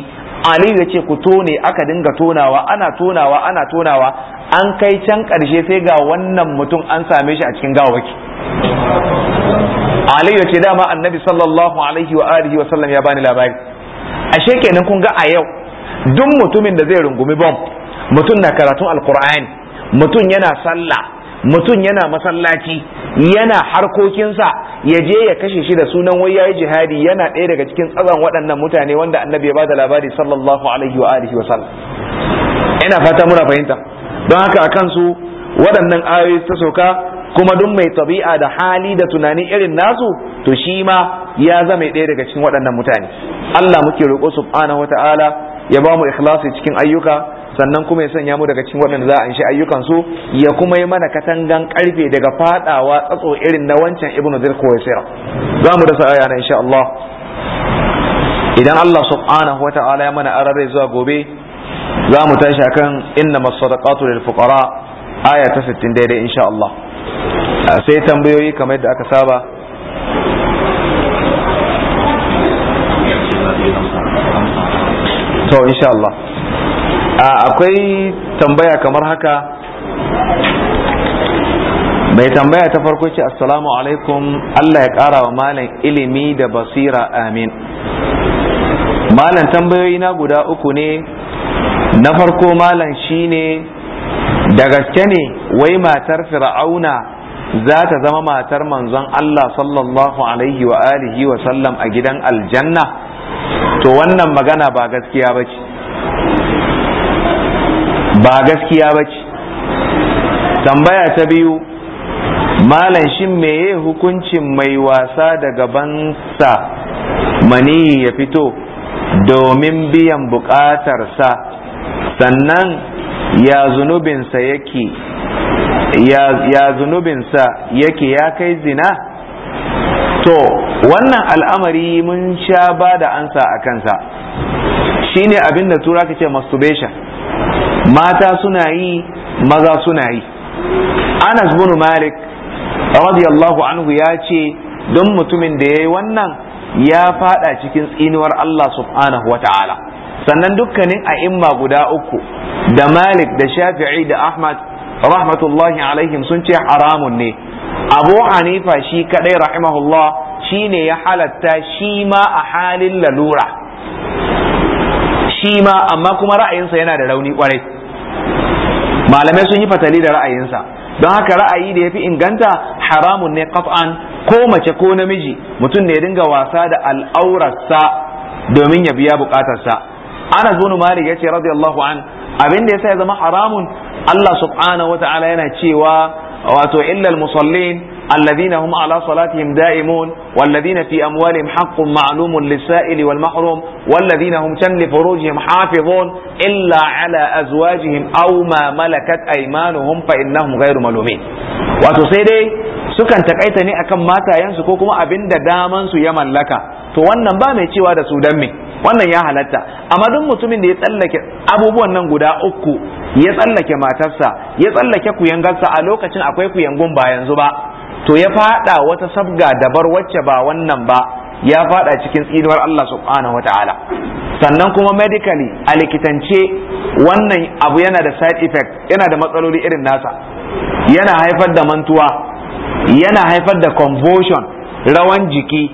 ali ya ce ku tone aka dinga tonawa ana tonawa ana tonawa an kai can ƙarshe sai ga wannan mutum an same shi a cikin gawawwaki ali ya ce dama annabi sallallahu alaihi wa alihi wa sallam ya bani labari ashe kenan kun ga a yau duk mutumin da zai rungumi bom mutum na karatun alqur'ani mutum yana sallah mutum yana masallaci yana harkokinsa ya je ya kashe shi da sunan wai yayi jihadi yana ɗaya daga cikin tsazan waɗannan mutane wanda annabi ya bada labari sallallahu alaihi wa alihi wa sallam ina fata muna fahimta don haka akan su waɗannan ayoyi ta soka kuma duk mai tabi'a da hali da tunani irin nasu to shi ma ya zama ɗaya daga cikin waɗannan mutane Allah muke roƙo subhanahu wataala ya ba mu ikhlasi cikin ayyuka sannan kuma ya sanya mu daga cikin waɗanda za a anshi ayyukan su ya kuma yi mana katangan karfe daga fadawa tsatso irin na wancan ibnu dhilqawaisira za mu da sa'a na insha Allah idan Allah subhanahu wata'ala ya mana arare zuwa gobe za mu tashi akan inna masadaqatu lil fuqara aya ta 60 daidai insha Allah sai tambayoyi kamar yadda aka saba to insha Allah akwai tambaya kamar haka mai tambaya ta farko ce assalamu alaikum Allah ya ƙara wa malam ilimi da basira amin malam tambayoyi na guda uku ne na farko malam shine da gaske ne wai matar fir'auna za ta zama matar manzon Allah sallallahu alaihi wa alihi wa sallam a gidan aljanna to wannan magana ba gaskiya ba ce ba gaskiya ba ce tambaya ta biyu malam shin meye hukuncin mai wasa da gabansa mani ya fito domin biyan buƙatarsa sannan ya zunubinsa yake ya zunubinsa yake ya kai zina to wannan al'amari mun sha ba da ansa a kansa shine abin da tura ka ce masturbation mata suna yi maza suna yi anas bin malik radiyallahu anhu ya ce don mutumin da ya yi wannan ya fada cikin tsinuwar Allah subhanahu wa ta'ala sannan dukkanin a'imma guda uku da malik da shafi'i da ahmad rahmatullahi alaihim sun ce haramun ne abu hanifa shi kadai rahimahullah shi ne ya halatta shi ma a halin lalura shi ma amma kuma ra'ayinsa yana da rauni kwarai malamai sun yi fatali da ra'ayinsa don haka ra'ayi da ya fi inganta haramun ne kafan ko mace ko namiji mutum ne ya dinga wasa da al'aurarsa domin ya biya bukatarsa ana zunu malik ya ce radiyallahu an abin da sa ya zama haramun Allah subhanahu wa ta'ala yana cewa wato illal musallin الذين هم على صلاتهم دائمون والذين في أموالهم حق معلوم للسائل والمحروم والذين هم كم لفروجهم حافظون إلا على أزواجهم أو ما ملكت أيمانهم فإنهم غير ملومين وتسيدي sukan takaita ne akan matayensu ko kuma abin da damansu ya mallaka to wannan ba mai cewa da su dan me wannan ya halatta amma duk mutumin da ya tsallake abubuwan nan guda uku ya tsallake matarsa ya tsallake kuyangarsa a lokacin akwai kuyangun ba yanzu ba to ya fada wata sabga dabar wacce ba wannan ba ya fada cikin tsinuwar Allah subhanahu wataala sannan kuma medically a likitance wannan abu yana da side effect yana da matsaloli irin nasa yana haifar da mantuwa yana haifar da convulsion rawan jiki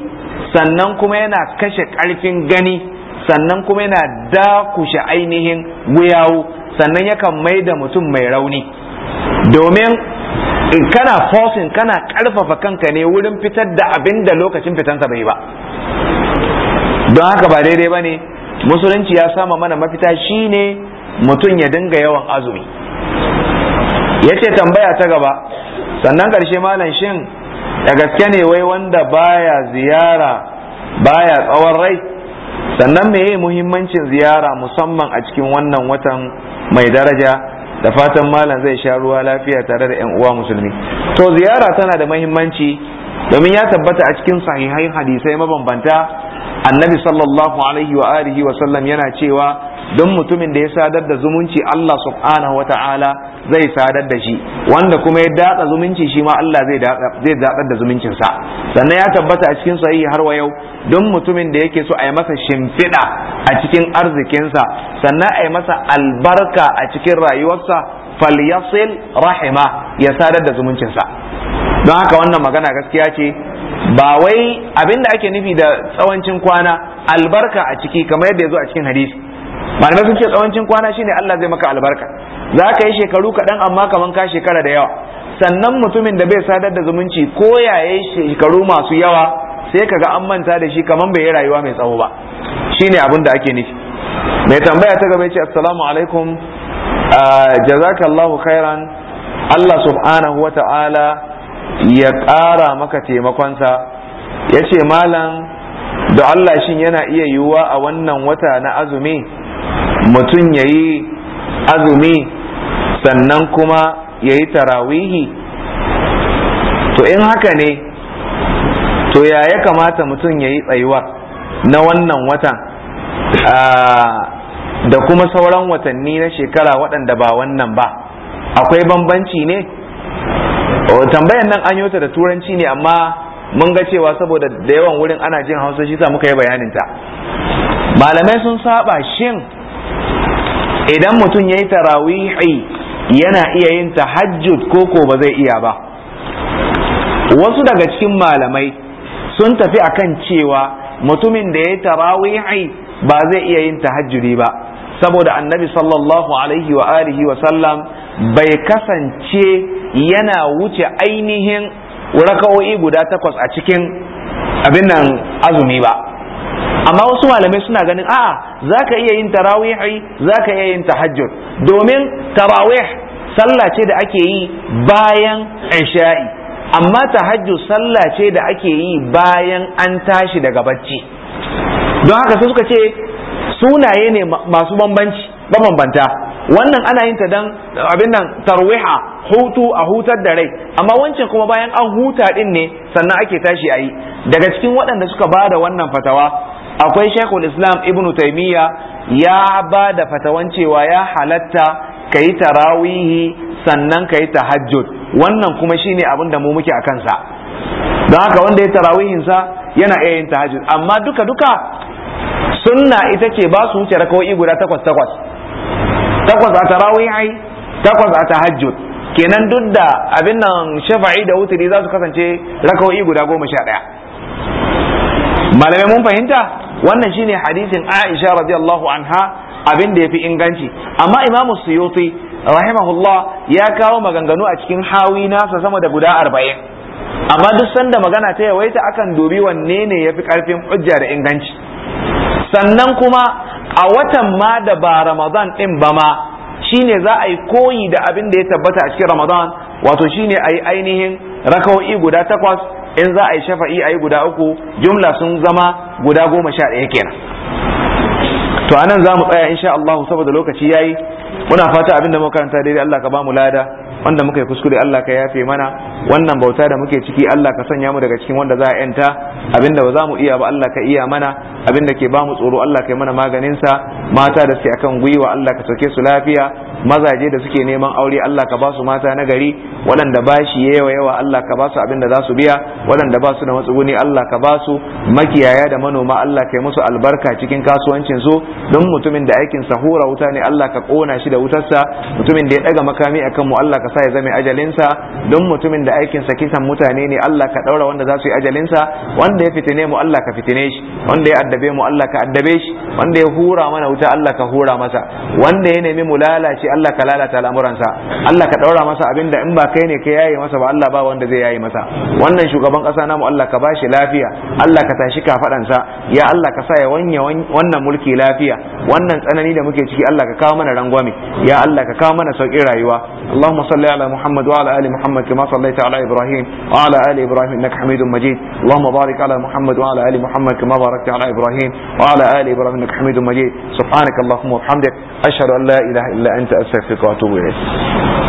sannan kuma yana kashe karfin gani sannan kuma yana dakushe ainihin wuyawu sannan yakan mai da mutum mai rauni domin kana forcing kana karfafa kanka ne wurin fitar da abin da lokacin fitansa bai ba don haka ba daidai ba ne musulunci ya sama mana mafita shine mutum ya dinga yawan azumi ya ce tambaya ta gaba sannan ƙarshe malam shin da gaske ne wai wanda baya ziyara baya tsawon rai sannan meye muhimmancin ziyara musamman a cikin wannan watan mai daraja da fatan malam zai sha ruwa lafiya tare da 'yan uwa musulmi to ziyara tana da mahimmanci domin ya tabbata a cikin sahihain hadisai mabambanta annabi sallallahu alaihi wa alihi wa sallam yana cewa don mutumin da ya sadar da zumunci Allah subhanahu Ta'ala zai sadar da shi wanda kuma ya datsa zumunci shi ma Allah zai datsar da zumuncinsa sannan ya tabbata a cikin sahihi har wa yau don mutumin da yake so a yi masa shimfiɗa a cikin arzikinsa sannan a yi masa albarka a cikin rayuwarsa falyasil rahima ya sadar da zumuncinsa don haka wannan magana gaskiya ce ba wai abin da ake nufi da tsawancin kwana albarka a ciki kamar yadda ya zo a cikin hadisi malamai sun ce tsawancin kwana shine Allah zai maka albarka za ka yi shekaru kaɗan amma kaman ka shekara da yawa sannan mutumin da bai sadar da zumunci ko yaye shekaru masu yawa sai ka ga an manta da shi kaman bai yi rayuwa mai tsawo ba shine abin da ake nufi mai tambaya ta gaba ce assalamu alaikum jazakallahu khairan Allah subhanahu wa ta'ala ya ƙara maka taimakonsa ya ce malam da Allah shin yana iya yiwuwa a wannan wata na azumi mutum ya yi azumi sannan kuma ya yi tarawihi to in haka ne to ya ya kamata mutum ya yi tsayuwa na wannan watan da kuma sauran watanni na shekara waɗanda ba wannan ba akwai bambanci ne tambayan nan an yota da turanci ne amma mun ga cewa saboda da yawan wurin ana jin hausa shi sa muka yi bayaninta malamai sun saba shin idan mutum ya yi tarawihi yana iya yin tahajjud ko ko ba zai iya ba wasu daga cikin malamai sun tafi akan cewa mutumin da ya yi tarawihi ba zai iya yin tahajjudi ba saboda annabi sallallahu alaihi wa alihi wa sallam bai kasance yana wuce ainihin raka'o'i guda takwas a cikin abin nan azumi ba amma wasu malamai suna ganin a'a ka iya yin tarawihi zaka iya yin tahajjud domin tarawih sallah ce da ake yi bayan isha'i amma tahajjud sallah ce da ake yi bayan an tashi daga bacci don haka sai suka ce sunaye ne masu bambanci bambanta wannan ana yin ta dan abin nan tarwiha hutu a hutar da rai amma wancan kuma bayan an huta din ne sannan ake tashi a yi daga cikin waɗanda suka ba da wannan fatawa akwai shekul islam ibnu taimiyya ya ba da fatawan cewa ya halatta ka yi tarawihi sannan ka yi tahajjud wannan kuma shine abin da mu muke a kansa don haka wanda ya tarawihinsa yana iya yin tahajjud amma duka duka sunna ita ce ba su wuce rakawai guda takwas takwas takwas a tarawihai, takwas a tahajjud kenan duk da abin nan shafa'i da wuturi za su kasance rakawai guda goma sha ɗaya malamai mun fahimta wannan shine hadisin Aisha radiyallahu anha abin da yafi inganci amma Imam Suyuti rahimahullah ya kawo maganganu a cikin hawi nasa sama da guda arba'in amma duk sanda magana ta yawaita akan dobi wanne ne yafi karfin hujja da inganci sannan kuma a watan ma da ba Ramadan din ba ma shine za a yi koyi da abin da ya tabbata a cikin Ramadan wato shine a yi ainihin raka'o'i guda takwas in za a yi shafa'i a yi guda uku jumla sun zama guda goma sha ɗaya kenan to anan za mu tsaya insha Allah saboda lokaci yayi muna fata abin da makaranta daidai Allah ka ba mu lada wanda muka yi kuskure Allah ka yafe mana wannan bauta da muke ciki Allah ka sanya mu daga cikin wanda za a yanta abin da ba za mu iya ba Allah ka iya mana abin da ke bamu tsoro Allah ka yi mana maganinsa mata da suke akan gwiwa Allah ka sauke su lafiya mazaje da suke neman aure Allah ka ba su mata na gari waɗanda ba shi yawa yawa Allah ka ba su abin da za su biya waɗanda ba su da matsuguni Allah ka ba su makiyaya da manoma Allah ka yi musu albarka cikin kasuwancin su don mutumin da aikin sa hura wuta ne Allah ka kona shi da wutarsa mutumin da ya daga makami akan mu Allah ka sa ya zame ajalinsa don mutumin da aikin sa kisan mutane ne Allah ka daura wanda za su yi ajalinsa wanda ya fitine mu Allah ka fitine shi wanda ya addabe mu Allah ka addabe shi wanda ya hura mana wuta Allah ka hura masa wanda ya nemi mu lalace lalace Allah ka lalata al'amuransa Allah ka daura masa abin da in ba kai ne ka yaye masa ba Allah ba wanda zai yaye masa wannan shugaban kasa namu Allah ka bashi lafiya Allah ka tashi ka fadansa ya Allah ka sa ya wanya wannan mulki lafiya wannan tsanani da muke ciki Allah ka kawo mana rangwame ya Allah ka kawo mana sauƙin rayuwa Allahumma salli ala Muhammad wa ala ali Muhammad kama sallaita ala Ibrahim wa ala ali Ibrahim innaka Hamidum Majid Allahumma barik ala Muhammad wa ala ali Muhammad kama barakta ala Ibrahim wa ala ali Ibrahim innaka Hamidum Majid subhanaka Allahumma wa bihamdik ashhadu سر اچھا ہوئے اچھا اچھا،